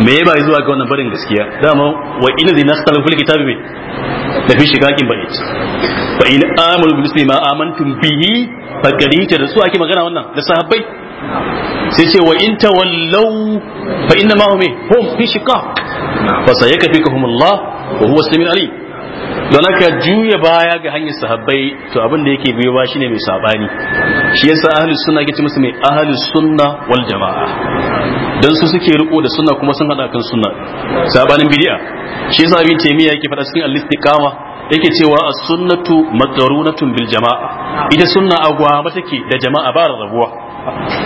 me ya yi zuwa ga wannan barin gaskiya dama wa inna zina sallu fil kitabi me da fi shikakin bai fa in amalu bil muslima amantum bihi fa kadita da su ake magana wannan da sahabbai sai ce wa in tawallau fa inna ma hum hum fi shikak fa sayakfikuhum Allah wa huwa samir alim don haka juya baya ga hanyar sahabbai to abin da yake biyo ba shine mai sabani shi yasa ahlus sunna ke ce musu mai ahlus sunna wal jamaa dan su suke riko da sunna kuma sun hada kan sunna sabanin bid'a shi yasa bin taymiya yake fada cikin al-istiqama yake cewa as-sunnatu maqrunatun bil jamaa ita sunna agwa take da jama'a ba rabuwa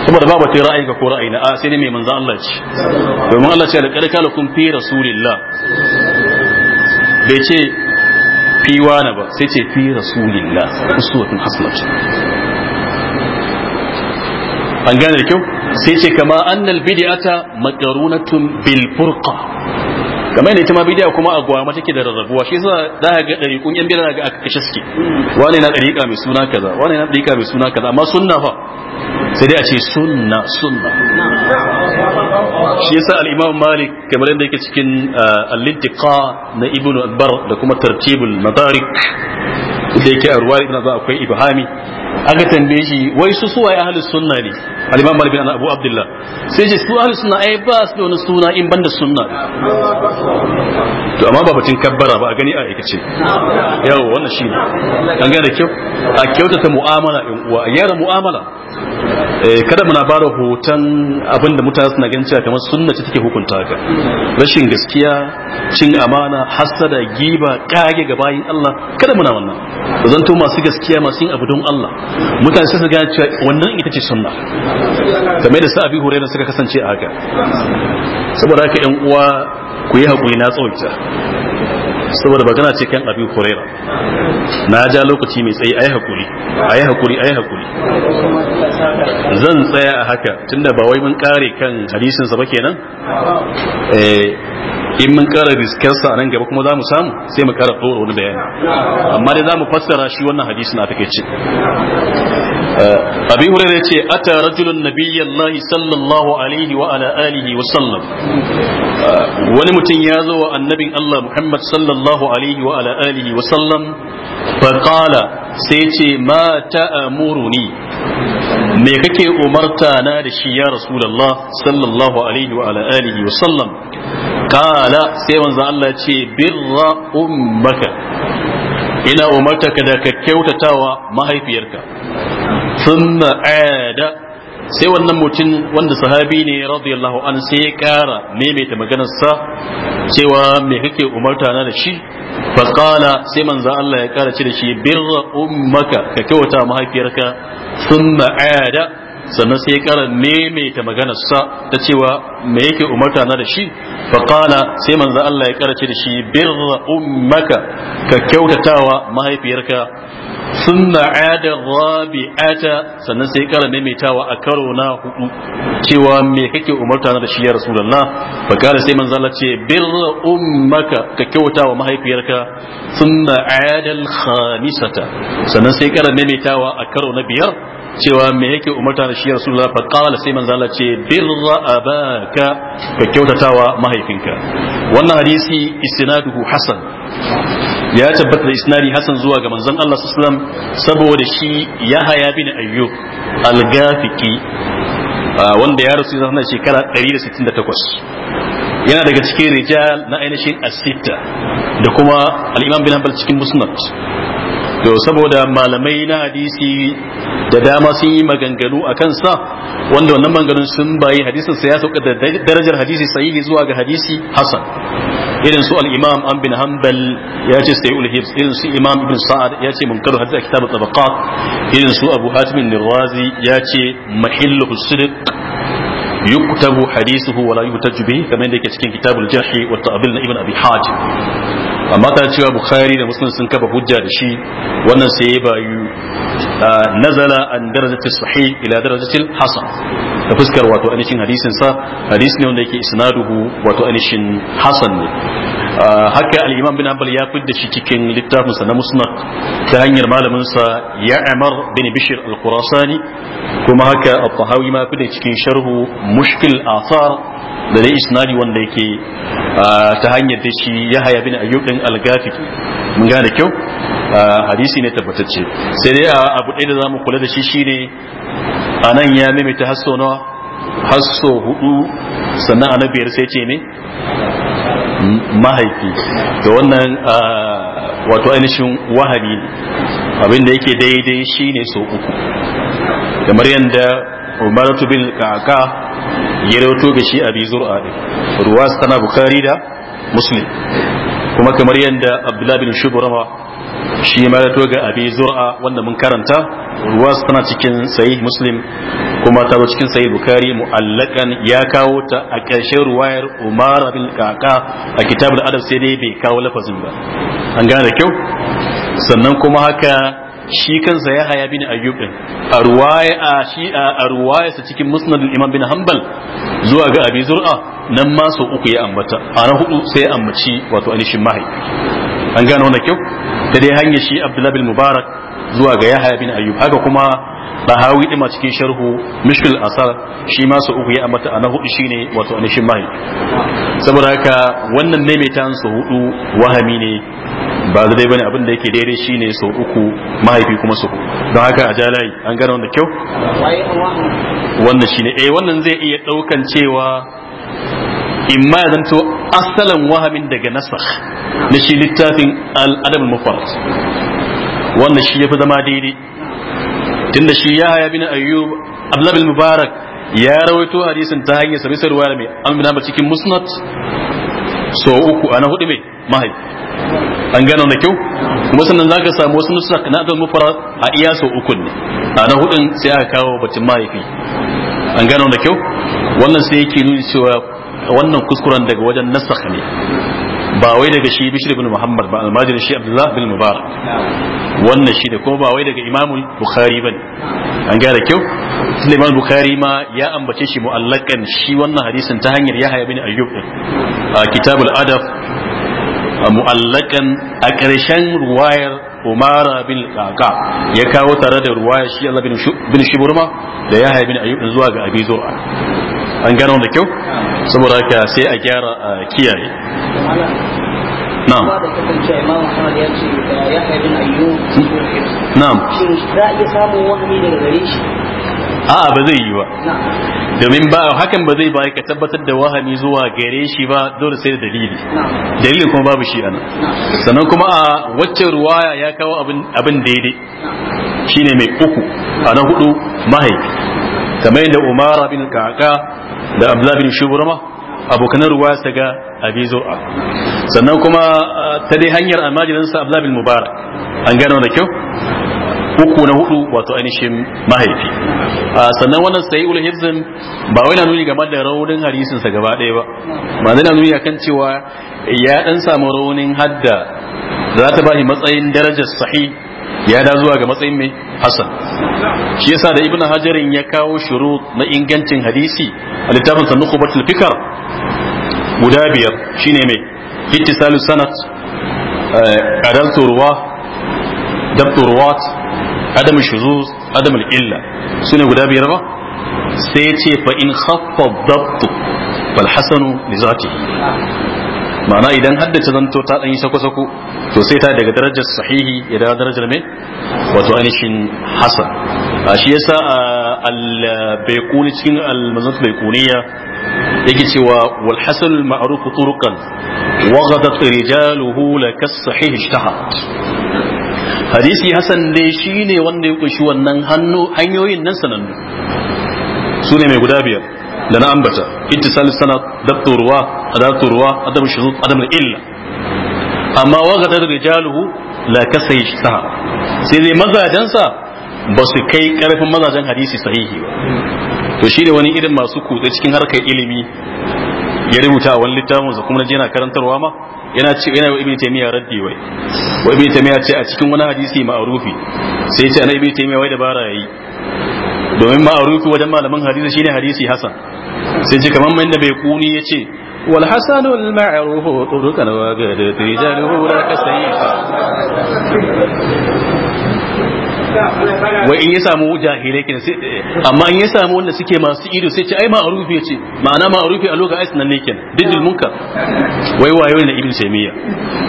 saboda babu ta ra'ayi ga ko ra'ayi na a sai ne mai manzo Allah ce domin Allah ce da kada kalakum fi rasulillah bai ce fi wani ba sai ce fi rasulillah uswatun hasanat an gane da kyau sai ce kama annal bid'ata maqrunatun bil furqa kamar ne ita ma bidiya kuma a gwama take da rarrabuwa shi yasa za ka ga kun yan bidiya ga aka kashe suke wani na dariƙa mai suna kaza wani na dariƙa mai suna kaza amma sunna fa sai dai a ce sunna sunna shi yasa al-imam malik kamar yadda yake cikin uh, al-intiqa na ibnu akbar da kuma tartibul madarik da yake a ruwa ibn akwai ibhami aka tambaye shi wai su wai ahlus sunna ne al-imam malik bin abu abdullah sai shi su ahlus sunna ai ba su wani suna in banda sunna to amma ba batun kabbara ba a gani a aikace Yawo, wannan shi ne an gane kyau a kyautata mu'amala in uwa a gyara mu'amala eh, kada muna ba da hoton abinda da mutane suna ganin cewa kamar sunna ce take hukunta ka rashin gaskiya cin amana hasada giba kage ga bayin Allah kada muna wannan zan to masu gaskiya masu yin abu don Allah mutane sun su gane cewa wannan ita ce sunna kamar da sa'abi hurairah suka kasance a haka saboda haka yan uwa ku yi hakuri na tsawaita saboda ba gana ce kan abi huraira na ja lokaci mai tsayi ayi hakuri ayi hakuri ayi hakuri zan tsaya a haka tunda ba wai mun kare kan hadisin sa ba kenan eh in mun kara riskarsa nan gaba kuma za mu samu sai mu kara tsoro wani bayani amma dai za mu fassara shi wannan hadisin a take ce eh, abin hurairar ce ata rajulun nabiyyallahi sallallahu alaihi wa ala alihi wa sallam eh, wani mutum ya zo wa annabin Allah Muhammad sallallahu alaihi wa ala alihi wa sallam fa qala sai ce ma ta'amuruni me kake umarta na da shi ya rasulullah sallallahu alaihi wa ala alihi wa sallam kala sai manzo Allah ce birra ummaka ina umartaka da ka kyautatawa mahaifiyarka thumma ada sai wannan mutum wanda sahabi ne radiyallahu an sai ya kara maimaita maganarsa cewa me kake umarta na da shi faƙala sai manzo Allah ya kara ce da shi birra ummaka ka kyauta mahaifiyarka thumma ada sannan sai ya kara maimaita maganarsa ta cewa me yake umarta na da shi faƙala sai manzo Allah ya kara ce da shi birra ummaka ka kyautatawa mahaifiyarka sunna ada rabi'ata sannan sai ya kara maimaitawa a karo na hudu cewa me kake umarta na da shi ya rasulullah faƙala sai manzo Allah ce birra ummaka ka kyautatawa mahaifiyarka sunna ada khamisata sannan sai ya kara maimaitawa a karo na biyar cewa me yake umarta da shi rasulullah fa qala sai manzo Allah ce birra abaka ka kyautatawa mahaifinka wannan hadisi isnaduhu hasan ya tabbata da isnadi hasan zuwa ga manzon Allah sallallahu alaihi wasallam saboda shi haya bin Ayyub al-Gafiki wanda ya rasu zama shekara 168 yana daga cikin rijal na ainihin as da kuma al-Imam bin Hanbal cikin Musnad to saboda malamai na hadisi da dama sun yi maganganu a kansa wanda wannan maganganun sun bayi hadisin sa ya sauka da darajar hadisi sahihi zuwa ga hadisi hasan irin su al-imam an bin hanbal ya ce sai ul hibs irin su imam ibn sa'ad ya ce munkaru hadisi a kitab tabaqat irin su abu hatim nirwazi ya ce mahillu sidq yuktabu hadisuhu wala yuhtaju bihi kamar da yake cikin kitabul jarh wa ta'dil na ibn abi hajim amma ta cewa bukhari da muslim sun kafa hujja da shi wannan sai ya bayu nazala an darajatil sahih ila darajatil hasan da fuskar wato anishin hadisin sa hadisi ne wanda yake isnaduhu wato anishin hasan ne Ah, haka al-imam bin hanbal ya fidda shi cikin littafinsa na musnad ta hanyar malamin sa ya'mar bin bishr al-qurasani kuma haka at-tahawi ma fidda cikin sharhu mushkil athar da dai isnadi wanda yake ah, ta hanyar da shi yahya bin ayyub din al-gafi mun gane kyau ah, hadisi ne tabbatacce sai dai abu ɗaya da zamu kula da shi shine anan ya mimita hasso nawa hasso hudu sannan anabiyar sai ce ne mahaifi da wannan ah, wato ainihin wahari abinda da yake daidai shine sau uku kamar yadda umaratu bil kaka ya rawato ga shi abi zur'a ruwa tana bukari da muslim kuma kamar yadda abdullahi bin shi ma ya ga abi zur'a wanda mun karanta ruwa tana cikin sahih muslim kuma ta zo cikin sahih bukari mu'allakan ya kawo ta a ƙarshen ruwayar umar bin kaka a kitabul adab sai dai bai kawo lafazin ba an gane da kyau sannan kuma haka shi kansa ya haya bin ayyub din a ruwaya a shi a ruwaya sa cikin musnad imam bin hanbal zuwa ga abi zur'a nan ma so uku ya ambata a ran hudu sai ya ambaci wato anishin an gano wannan kyau da dai hanyar shi abdullah bin mubarak zuwa ga yahaya bin ayyub haka kuma bahawi din ma cikin sharhu mishkil asar shi ma so uku ya ambata a na hudu shine wato anishin mahai saboda haka wannan maimaita su hudu wahami ne ba zai bane abin da yake daidai shine sau uku mahaifi kuma su. don haka a jalayi an gano da kyau wannan shine eh wannan zai iya daukan cewa in ma ya zanto asalan wahamin daga nasar na shi littafin al'adam adab wannan shi ya fi zama daidai tunda shi ya haya bin ayyub abdullah bin mubarak ya rawaito hadisin ta hanyar sami sarwa mai an ba cikin musnad Sau uku ana hudu mai mahaifi an gano da kyau kuma za ka samu wasu nusa na abin mufara a iya sau uku ne a na hudun sai aka kawo batun mahaifi an gano da kyau wannan sai yake nuni cewa wannan kuskuren daga wajen nasakh ne ba wai daga shi bishir ibn muhammad ba almajiri shi abdullah bin mubarak wannan shi da kuma ba wai daga imamul bukhari bane an da kyau tunda imam bukhari ma ya ambace shi mu'allakan shi wannan hadisin ta hanyar yahya bin ayyub din a kitabul adab mu'allakan a ƙarshen ruwayar umara bin kaka ya kawo tare da ruwayar shi Allah bin shiburma da ya haibin ayyuka zuwa ga abi zura an gano da kyau saboda ka sai a gyara a kiyaye na'am na'am shin za a iya samun daga gare shi a'a ba zai yi ba domin ba hakan ba zai bai ka tabbatar da wahami zuwa gare shi ba dole sai da dalili dalilin kuma babu shi ana sannan kuma a waccan ruwaya ya kawo abin daidai shine mai uku a na hudu mahaifi kamar yadda Umar bin kaka da abdullah bin shubrama abokan ruwaya su ga abi a sannan kuma ta dai hanyar almajirinsa abdullah bin mubarak an gano da kyau uku na hudu wato ainihin mahaifi sannan wannan sai ul hibzin ba wai na nuni game da raunin harisin sa gaba ɗaya ba ba na nuni akan cewa ya dan samu raunin hadda za ta bashi matsayin darajar sahih ya da zuwa ga matsayin mai hasan shi yasa da ibnu hajarin ya kawo shurut na ingancin hadisi a littafin sannuku batul fikar guda biyar shine mai ittisalu sanat eh, adal turwa dabtu adamu shuzuz adamu illa sune guda biyar ba sai ce fa in khaffa dabtu wal hasanu li zatihi ma'ana idan haddace zanto ta dan yi sako sako to sai ta daga darajar sahihi ya da darajar mai wato ainihin hasan a shi yasa al-baiquni cikin al-mazat baiquniya yake cewa wal hasan al-ma'ruf turuqan wa ghadat rijaluhu lakas sahih hadisi hasan dai ne wanda ya kushi wannan hannu hanyoyin nan sanannu su ne mai guda biyar da na ambata ittisal sanad dabtu ruwa adatu adam shuzut adam illa amma wa gadar rijaluhu la kasai sa sai dai mazajensa ba su kai karfin mazajen hadisi sahihi ba to shine wani irin masu kutse cikin harkar ilimi ya rubuta a wani littafin sa kuma yana karantarwa ma yana ce yana wa ibnu taymiya raddi wai wa ibnu taymiya ce a cikin wani hadisi ma'rufi sai ce ana ibnu taymiya wai dabara yayi domin ma'rufi wajen malamin hadisi shine hadisi hasan sai ce kamar mai da bai kuni yace والحسن المعروف طرقا وقد رجاله لك سيفا wai in ya samu jahilai kin sai amma in ya samu wanda suke masu ido sai ce ai ma'rufi ya ce ma'ana ma'rufi a lokacin aisin nan ne kin dijil munka wai wayo ne ibn samiyya.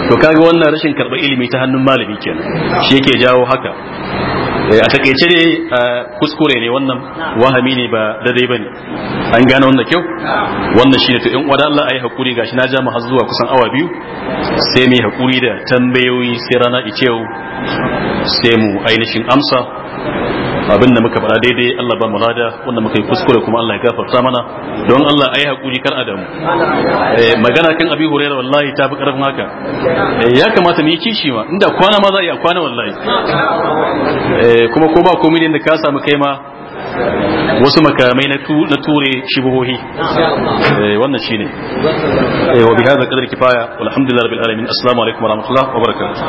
to kaga wannan rashin karba ilimi ta hannun malami kenan shi yake jawo haka Eh, a takaice ne kuskure ne wannan wahami ne ba daidai bane an gane wannan kyau wannan shine to in uwa Allah ayi hakuri gashi na ja har zuwa kusan awa biyu sai mu hakuri da tambayoyi sai rana iceu sai mu ainihin amsa abin da muka faɗa daidai Allah ba mu rada wanda muka yi kuskure kuma Allah ya gafarta mana don Allah ayi hakuri kar adamu eh, magana kan abi hurairah wallahi ta fi karfin haka eh, ya kamata mu yi kishi ma inda kwana ma za a yi kwana wallahi eh, kuma ko ba komai ne da ka samu kai ma wasu makamai na ture shibuhohi wannan shine wa bi hadha kifaya walhamdulillahi rabbil alamin assalamu alaikum wa rahmatullahi